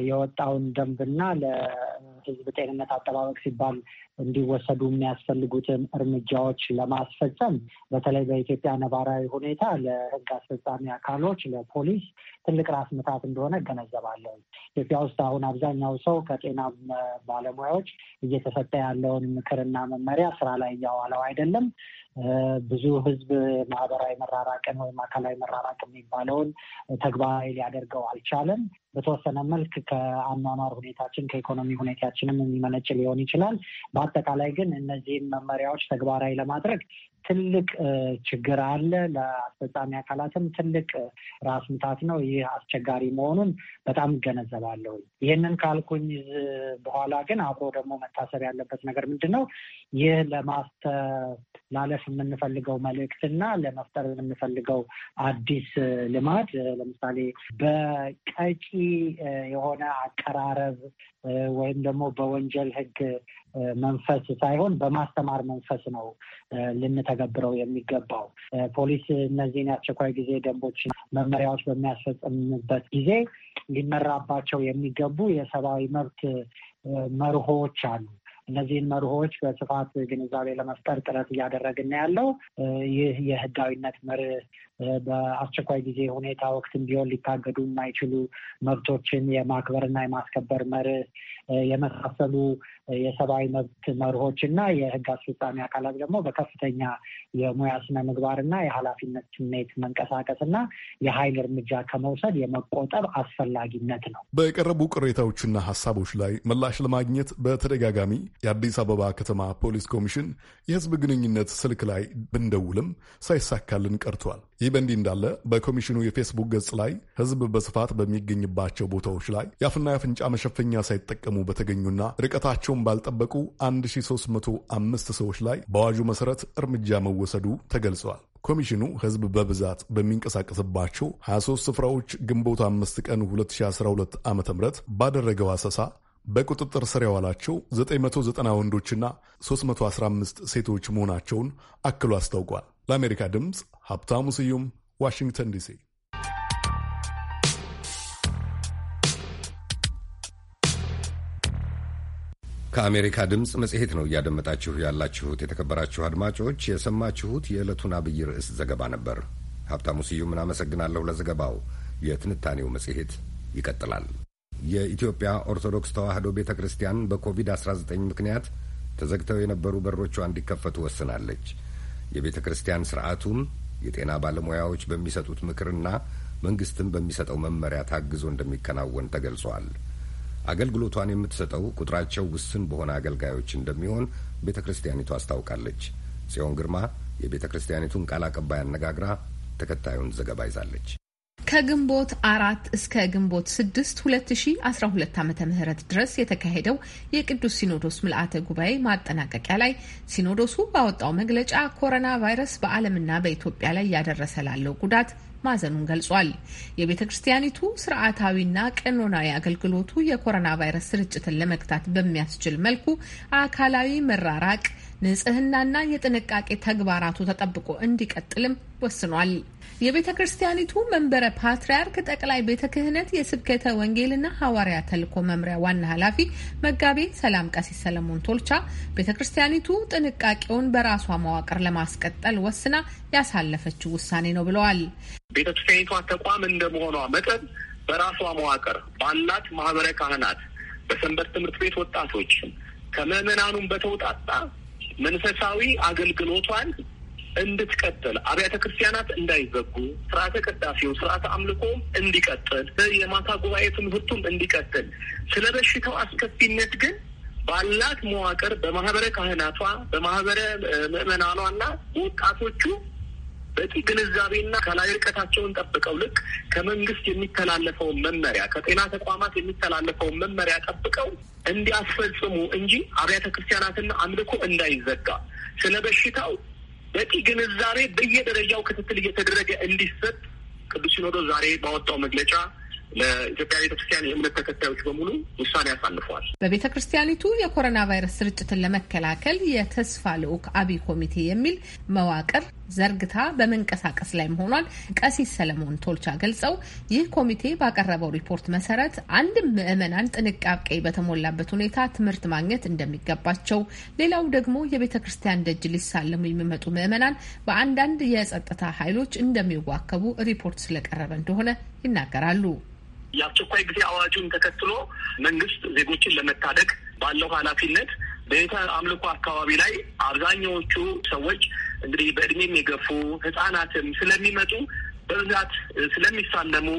የወጣውን ደንብና ለህዝብ ጤንነት አጠባበቅ ሲባል እንዲወሰዱ የሚያስፈልጉትን እርምጃዎች ለማስፈጸም በተለይ በኢትዮጵያ ነባራዊ ሁኔታ ለህግ አስፈጻሚ አካሎች ለፖሊስ ትልቅ ራስ ምታት እንደሆነ እገነዘባለሁ። ኢትዮጵያ ውስጥ አሁን አብዛኛው ሰው ከጤና ባለሙያዎች እየተሰጠ ያለውን ምክርና መመሪያ ስራ ላይ እያዋለው አይደለም። ብዙ ህዝብ ማህበራዊ መራራቅን ወይም አካላዊ መራራቅ የሚባለውን ተግባራዊ ሊያደርገው አልቻለም። በተወሰነ መልክ ከአኗኗር ሁኔታችን ከኢኮኖሚ ሁኔታችንም የሚመነጭ ሊሆን ይችላል። በአጠቃላይ ግን እነዚህን መመሪያዎች ተግባራዊ ለማድረግ ትልቅ ችግር አለ። ለአስፈጻሚ አካላትም ትልቅ ራስ ምታት ነው። ይህ አስቸጋሪ መሆኑን በጣም እገነዘባለሁ። ይህንን ካልኩኝ በኋላ ግን አብሮ ደግሞ መታሰብ ያለበት ነገር ምንድን ነው? ይህ ለማስተላለፍ የምንፈልገው መልእክትና ለመፍጠር የምንፈልገው አዲስ ልማድ ለምሳሌ በቀጪ የሆነ አቀራረብ ወይም ደግሞ በወንጀል ሕግ መንፈስ ሳይሆን በማስተማር መንፈስ ነው ልን ልንተገብረው የሚገባው። ፖሊስ እነዚህን የአስቸኳይ ጊዜ ደንቦች፣ መመሪያዎች በሚያስፈጽምበት ጊዜ ሊመራባቸው የሚገቡ የሰብአዊ መብት መርሆዎች አሉ። እነዚህን መርሆዎች በስፋት ግንዛቤ ለመፍጠር ጥረት እያደረግን ያለው ይህ የህጋዊነት መርህ በአስቸኳይ ጊዜ ሁኔታ ወቅትም ቢሆን ሊታገዱ የማይችሉ መብቶችን የማክበርና የማስከበር መርህ የመሳሰሉ የሰብአዊ መብት መርሆች እና የህግ አስፈጻሚ አካላት ደግሞ በከፍተኛ የሙያ ስነ ምግባር እና የኃላፊነት ስሜት መንቀሳቀስ እና የኃይል እርምጃ ከመውሰድ የመቆጠብ አስፈላጊነት ነው። በቀረቡ ቅሬታዎችና ሀሳቦች ላይ ምላሽ ለማግኘት በተደጋጋሚ የአዲስ አበባ ከተማ ፖሊስ ኮሚሽን የህዝብ ግንኙነት ስልክ ላይ ብንደውልም ሳይሳካልን ቀርቷል። ይህ በእንዲህ እንዳለ በኮሚሽኑ የፌስቡክ ገጽ ላይ ህዝብ በስፋት በሚገኝባቸው ቦታዎች ላይ የአፍና የአፍንጫ መሸፈኛ ሳይጠቀሙ በተገኙና ርቀታቸውን ባልጠበቁ 1305 ሰዎች ላይ በአዋጁ መሠረት እርምጃ መወሰዱ ተገልጿል። ኮሚሽኑ ህዝብ በብዛት በሚንቀሳቀስባቸው 23 ስፍራዎች ግንቦት 5 ቀን 2012 ዓ ም ባደረገው አሰሳ በቁጥጥር ስር የዋላቸው 990 ወንዶችና 315 ሴቶች መሆናቸውን አክሎ አስታውቋል። ለአሜሪካ ድምፅ ሀብታሙ ስዩም ዋሽንግተን ዲሲ። ከአሜሪካ ድምፅ መጽሔት ነው እያደመጣችሁ ያላችሁት። የተከበራችሁ አድማጮች የሰማችሁት የዕለቱን አብይ ርዕስ ዘገባ ነበር። ሀብታሙ ስዩም እናመሰግናለሁ ለዘገባው። የትንታኔው መጽሔት ይቀጥላል። የኢትዮጵያ ኦርቶዶክስ ተዋሕዶ ቤተ ክርስቲያን በኮቪድ-19 ምክንያት ተዘግተው የነበሩ በሮቿ እንዲከፈቱ ወስናለች። የቤተ ክርስቲያን ስርዓቱም የጤና ባለሙያዎች በሚሰጡት ምክርና መንግስትም በሚሰጠው መመሪያ ታግዞ እንደሚከናወን ተገልጿል። አገልግሎቷን የምትሰጠው ቁጥራቸው ውስን በሆነ አገልጋዮች እንደሚሆን ቤተ ክርስቲያኒቱ አስታውቃለች። ጽዮን ግርማ የቤተ ክርስቲያኒቱን ቃል አቀባይ አነጋግራ ተከታዩን ዘገባ ይዛለች። ከግንቦት አራት እስከ ግንቦት ስድስት ሁለት ሺ አስራ ሁለት ዓመተ ምህረት ድረስ የተካሄደው የቅዱስ ሲኖዶስ ምልአተ ጉባኤ ማጠናቀቂያ ላይ ሲኖዶሱ ባወጣው መግለጫ ኮሮና ቫይረስ በዓለምና በኢትዮጵያ ላይ ያደረሰ ላለው ጉዳት ማዘኑን ገልጿል። የቤተ ክርስቲያኒቱ ስርዓታዊና ቀኖናዊ አገልግሎቱ የኮሮና ቫይረስ ስርጭትን ለመግታት በሚያስችል መልኩ አካላዊ መራራቅ፣ ንጽህናና የጥንቃቄ ተግባራቱ ተጠብቆ እንዲቀጥልም ወስኗል። የቤተ ክርስቲያኒቱ መንበረ ፓትርያርክ ጠቅላይ ቤተ ክህነት የስብከተ ወንጌልና ሐዋርያ ተልእኮ መምሪያ ዋና ኃላፊ መጋቤ ሰላም ቀሲስ ሰለሞን ቶልቻ ቤተ ክርስቲያኒቱ ጥንቃቄውን በራሷ መዋቅር ለማስቀጠል ወስና ያሳለፈችው ውሳኔ ነው ብለዋል። ቤተ ክርስቲያኒቷ ተቋም እንደመሆኗ መጠን በራሷ መዋቅር ባላት ማህበረ ካህናት፣ በሰንበት ትምህርት ቤት ወጣቶች፣ ከምዕመናኑም በተውጣጣ መንፈሳዊ አገልግሎቷን እንድትቀጥል፣ አብያተ ክርስቲያናት እንዳይዘጉ፣ ስርዓተ ቅዳሴው ስርዓተ አምልኮም እንዲቀጥል፣ የማታ ጉባኤ ትምህርቱም እንዲቀጥል ስለ በሽታው አስከፊነት ግን ባላት መዋቅር በማህበረ ካህናቷ በማህበረ ምዕመናኗና ወጣቶቹ በቂ ግንዛቤና ከላይ ርቀታቸውን ጠብቀው ልክ ከመንግስት የሚተላለፈውን መመሪያ ከጤና ተቋማት የሚተላለፈውን መመሪያ ጠብቀው እንዲያስፈጽሙ እንጂ አብያተ ክርስቲያናትና አምልኮ እንዳይዘጋ ስለ በሽታው በቂ ግንዛቤ በየደረጃው ክትትል እየተደረገ እንዲሰጥ ቅዱስ ሲኖዶስ ዛሬ ባወጣው መግለጫ ለኢትዮጵያ ቤተክርስቲያን የእምነት ተከታዮች በሙሉ ውሳኔ አሳልፈዋል። በቤተ ክርስቲያኒቱ የኮሮና ቫይረስ ስርጭትን ለመከላከል የተስፋ ልዑክ አብይ ኮሚቴ የሚል መዋቅር ዘርግታ በመንቀሳቀስ ላይ መሆኗን ቀሲስ ሰለሞን ቶልቻ ገልጸው ይህ ኮሚቴ ባቀረበው ሪፖርት መሰረት አንድም ምዕመናን ጥንቃቄ በተሞላበት ሁኔታ ትምህርት ማግኘት እንደሚገባቸው፣ ሌላው ደግሞ የቤተ ክርስቲያን ደጅ ሊሳለሙ የሚመጡ ምዕመናን በአንዳንድ የጸጥታ ኃይሎች እንደሚዋከቡ ሪፖርት ስለቀረበ እንደሆነ ይናገራሉ። የአስቸኳይ ጊዜ አዋጁን ተከትሎ መንግስት ዜጎችን ለመታደግ ባለው ኃላፊነት ቤተ አምልኮ አካባቢ ላይ አብዛኛዎቹ ሰዎች እንግዲህ በእድሜም የገፉ ህጻናትም ስለሚመጡ በብዛት ስለሚሳለሙ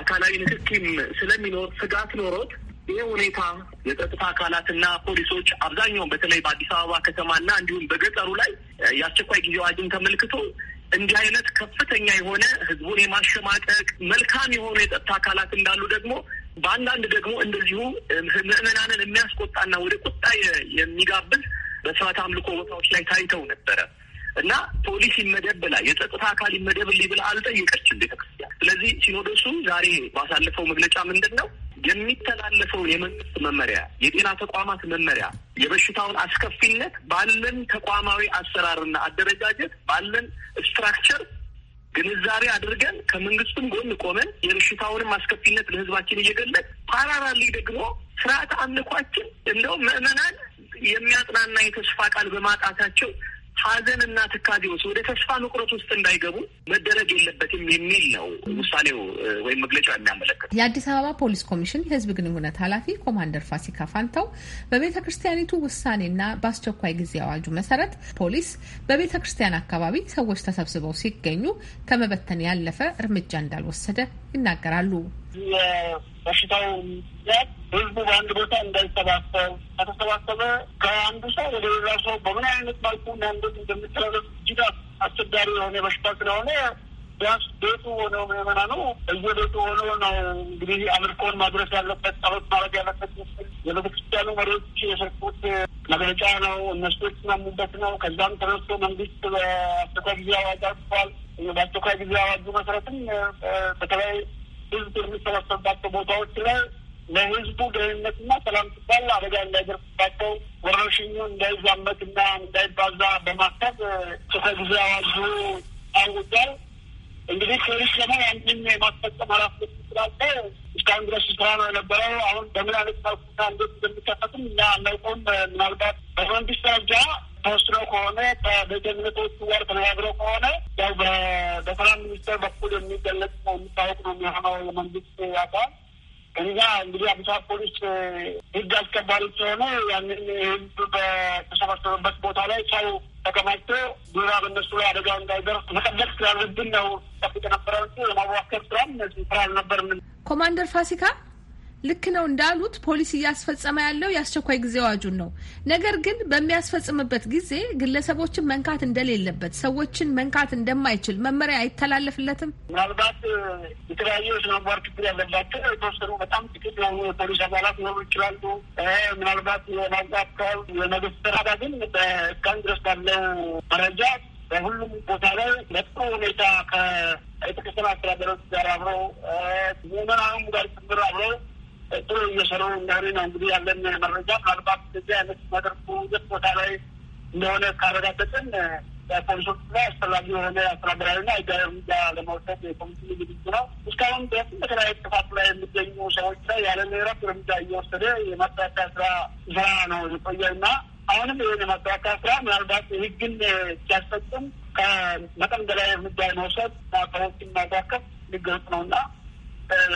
አካላዊ ንክኪም ስለሚኖር ስጋት ኖሮት ይህ ሁኔታ የጸጥታ አካላትና ፖሊሶች አብዛኛውን በተለይ በአዲስ አበባ ከተማና እንዲሁም በገጠሩ ላይ የአስቸኳይ ጊዜ አዋጅን ተመልክቶ እንዲህ አይነት ከፍተኛ የሆነ ህዝቡን የማሸማቀቅ መልካም የሆኑ የጸጥታ አካላት እንዳሉ ደግሞ በአንዳንድ ደግሞ እንደዚሁ ምዕመናንን የሚያስቆጣና ወደ ቁጣ የሚጋብዝ በስርዓተ አምልኮ ቦታዎች ላይ ታይተው ነበረ እና ፖሊስ ይመደብ ላ የጸጥታ አካል ይመደብልኝ ብላ አልጠየቀችም ቤተክርስቲያን። ስለዚህ ሲኖዶሱ ዛሬ ባሳለፈው መግለጫ ምንድን ነው የሚተላለፈውን የመንግስት መመሪያ፣ የጤና ተቋማት መመሪያ፣ የበሽታውን አስከፊነት ባለን ተቋማዊ አሰራርና አደረጃጀት ባለን ስትራክቸር ግንዛቤ አድርገን ከመንግስቱም ጎን ቆመን የበሽታውንም አስከፊነት ለህዝባችን እየገለጽ ፓራራሊ ደግሞ ስርዓት አምልኳችን እንደው ምዕመናን የሚያጽናና የተስፋ ቃል በማጣታቸው ሀዘን እና ትካዜዎች ወደ ተስፋ መቁረጥ ውስጥ እንዳይገቡ መደረግ የለበትም የሚል ነው ውሳኔው ወይም መግለጫ የሚያመለክት። የአዲስ አበባ ፖሊስ ኮሚሽን የህዝብ ግንኙነት ኃላፊ ኮማንደር ፋሲካ ፋንታው በቤተ ክርስቲያኒቱ ውሳኔና በአስቸኳይ ጊዜ አዋጁ መሰረት ፖሊስ በቤተ ክርስቲያን አካባቢ ሰዎች ተሰብስበው ሲገኙ ከመበተን ያለፈ እርምጃ እንዳልወሰደ ይናገራሉ። በሽታው ህዝቡ በአንድ ቦታ እንዳይሰባሰብ ከተሰባሰበ ከአንዱ ሰው ወደ ሌላ ሰው በምን አይነት መልኩ እና እንዴት እንደሚተላለፍ እጅግ አስቸጋሪ የሆነ በሽታ ስለሆነ ቢያንስ ቤቱ ሆነ ሆነው ነው እየቤቱ ሆኖ ነው እንግዲህ አምልኮን ማድረስ ያለበት፣ ጸሎት ማድረግ ያለበት። የቤተክርስቲያኑ መሪዎች የሰጡት መግለጫ ነው፣ እነሱ የተስማሙበት ነው። ከዛም ተነስቶ መንግስት በአስቸኳይ ጊዜ አዋጅ አውጥቷል። በአስቸኳይ ጊዜ አዋጁ መሰረትም በተለይ ህዝብ የሚሰበሰብባቸው ቦታዎች ላይ ለህዝቡ ደህንነትና ሰላም ሲባል አደጋ እንዳይደርስባቸው ወረርሽኙ እንዳይዛመትና እንዳይባዛ በማሰብ ጽሕፈት ግዜ አዋጁ አውጇል። እንግዲህ ፖሊስ ደግሞ ያንን የማስፈጸም ኃላፊነት ስላለ እስካሁን ድረስ ስራ ነው የነበረው። አሁን በምን አይነት መልኩና እንዴት እንደሚከፈትም እኛ አናውቀውም። ምናልባት በመንግስት ደረጃ ተወስኖ ከሆነ ከቤተእምነቶቹ ጋር ተነጋግረው ከሆነ ያው በሰላም ሚኒስቴር በኩል የሚገለጽ የሚታወቅ ነው የሚሆነው የመንግስት አካል እኛ እንግዲህ አዲስ አበባ ፖሊስ ህግ አስከባሪ ስለሆነ ያንን ህዝብ በተሰበሰበበት ቦታ ላይ ሰው ተቀማጭቶ ዱራ በእነሱ ላይ አደጋ እንዳይደርስ መጠበቅ ስላለብን ነው ጠብቅ ነበረ እንጂ የማዋከር ስራም ስራ አልነበርም። ኮማንደር ፋሲካ ልክ ነው እንዳሉት ፖሊስ እያስፈጸመ ያለው የአስቸኳይ ጊዜ አዋጁን ነው። ነገር ግን በሚያስፈጽምበት ጊዜ ግለሰቦችን መንካት እንደሌለበት፣ ሰዎችን መንካት እንደማይችል መመሪያ አይተላለፍለትም። ምናልባት የተለያዩ ስነምግባር ችግር ያለባቸው የተወሰኑ በጣም ጥቂት የሆኑ የፖሊስ አባላት ሊሆኑ ይችላሉ። ምናልባት የማዛካል የመግስት አዳ ግን በእስካሁን ድረስ ባለ መረጃ በሁሉም ቦታ ላይ መጥፎ ሁኔታ ከቤተክርስቲያን አስተዳደሮች ጋር አብረው ምዕመናኑም ጋር ጭምር አብረው ጥሩ እየሰሩ እንዳሉ ነው እንግዲህ ያለን መረጃ። ምናልባት እንደዚህ አይነት መድረኩ የት ቦታ ላይ እንደሆነ ካረጋገጥን ፖሊሶች ላይ አስፈላጊ የሆነ አስተዳደራዊና ህጋዊ እርምጃ ለመውሰድ የኮሚሽኑ ዝግጅት ነው። እስካሁን ድረስ በተለያዩ ጥፋት ላይ የሚገኙ ሰዎች ላይ ያለ ምህረት እርምጃ እየወሰደ የማስተካከያ ስራ ስራ ነው እና አሁንም ይህን የማስተካከያ ስራ ምናልባት ህግን ሲያስፈጽም ከመጠን በላይ እርምጃ የመውሰድ ከወኪል ሊገልጽ ነው እና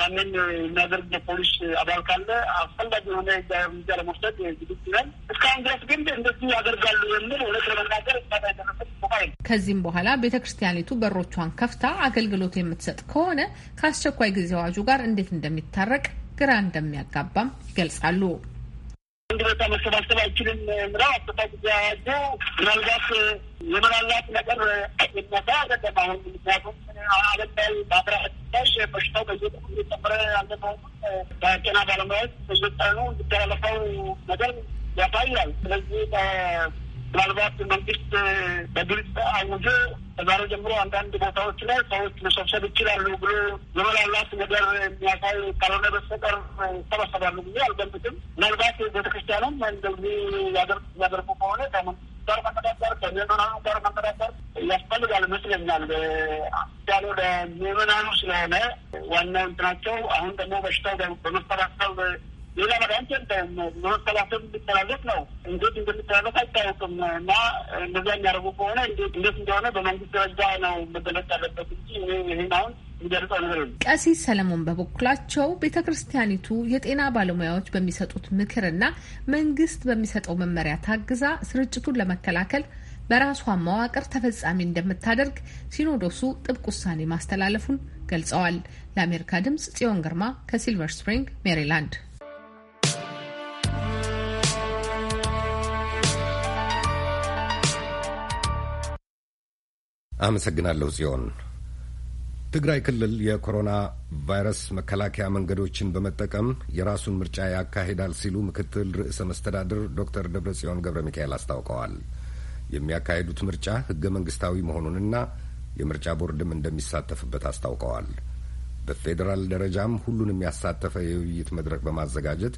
ያንን የሚያደርግ የፖሊስ አባል ካለ አስፈላጊ የሆነ እርምጃ ለመውሰድ ዝግጅ ነን። እስካሁን ድረስ ግን እንደዚህ ያደርጋሉ የሚል እውነት ለመናገር ከዚህም በኋላ ቤተ ክርስቲያኒቱ በሮቿን ከፍታ አገልግሎት የምትሰጥ ከሆነ ከአስቸኳይ ጊዜ አዋጁ ጋር እንዴት እንደሚታረቅ ግራ እንደሚያጋባም ይገልጻሉ። እንዲበዛ መሰባሰብ አይችልም ምለው አስፈታ ጊዜ አዋጁ ምናልባት የመላላት ነገር የሚያሳ አይደለም። አሁን ምክንያቱም ዓለም ላይ በአብራት ላይ በሽታው በየቀኑ እየጨመረ ያለ መሆኑን በጤና ባለሙያዎች በየቀኑ እንዲተላለፈው ነገር ያሳያል። ስለዚህ ምናልባት መንግስት በግልጽ አውጆ ከዛሬ ጀምሮ አንዳንድ ቦታዎች ላይ ሰዎች መሰብሰብ ይችላሉ ብሎ የመላላት ነገር የሚያሳይ ካልሆነ በስተቀር ይሰበሰባሉ ብዬ አልገምትም። ምናልባት ቤተክርስቲያንም እንደዚህ ያደርጉ ከሆነ ከመንግስት ጋር መነጋገር፣ ከምዕመናኑ ጋር መነጋገር ያስፈልጋል ይመስለኛል። ያለ ለምዕመናኑ ስለሆነ ዋና እንትናቸው አሁን ደግሞ በሽታው በመሰራሰብ ሌላ መድኃኒት የለም። በመከላከል የሚተላለፍ ነው። እንዴት እንደሚተላለፍ አይታወቅም እና እንደዚያ የሚያደርጉ ከሆነ እንዴት እንደሆነ በመንግስት ደረጃ ነው መገለጽ ያለበት እንጂ ይህን አሁን ቀሲስ ሰለሞን በበኩላቸው ቤተ ክርስቲያኒቱ የጤና ባለሙያዎች በሚሰጡት ምክርና መንግስት በሚሰጠው መመሪያ ታግዛ ስርጭቱን ለመከላከል በራሷ መዋቅር ተፈጻሚ እንደምታደርግ ሲኖዶሱ ጥብቅ ውሳኔ ማስተላለፉን ገልጸዋል። ለአሜሪካ ድምጽ ጽዮን ግርማ ከሲልቨር ስፕሪንግ ሜሪላንድ አመሰግናለሁ ጽዮን። ትግራይ ክልል የኮሮና ቫይረስ መከላከያ መንገዶችን በመጠቀም የራሱን ምርጫ ያካሂዳል ሲሉ ምክትል ርዕሰ መስተዳድር ዶክተር ደብረጽዮን ገብረ ሚካኤል አስታውቀዋል። የሚያካሂዱት ምርጫ ህገ መንግስታዊ መሆኑንና የምርጫ ቦርድም እንደሚሳተፍበት አስታውቀዋል። በፌዴራል ደረጃም ሁሉንም ያሳተፈ የውይይት መድረክ በማዘጋጀት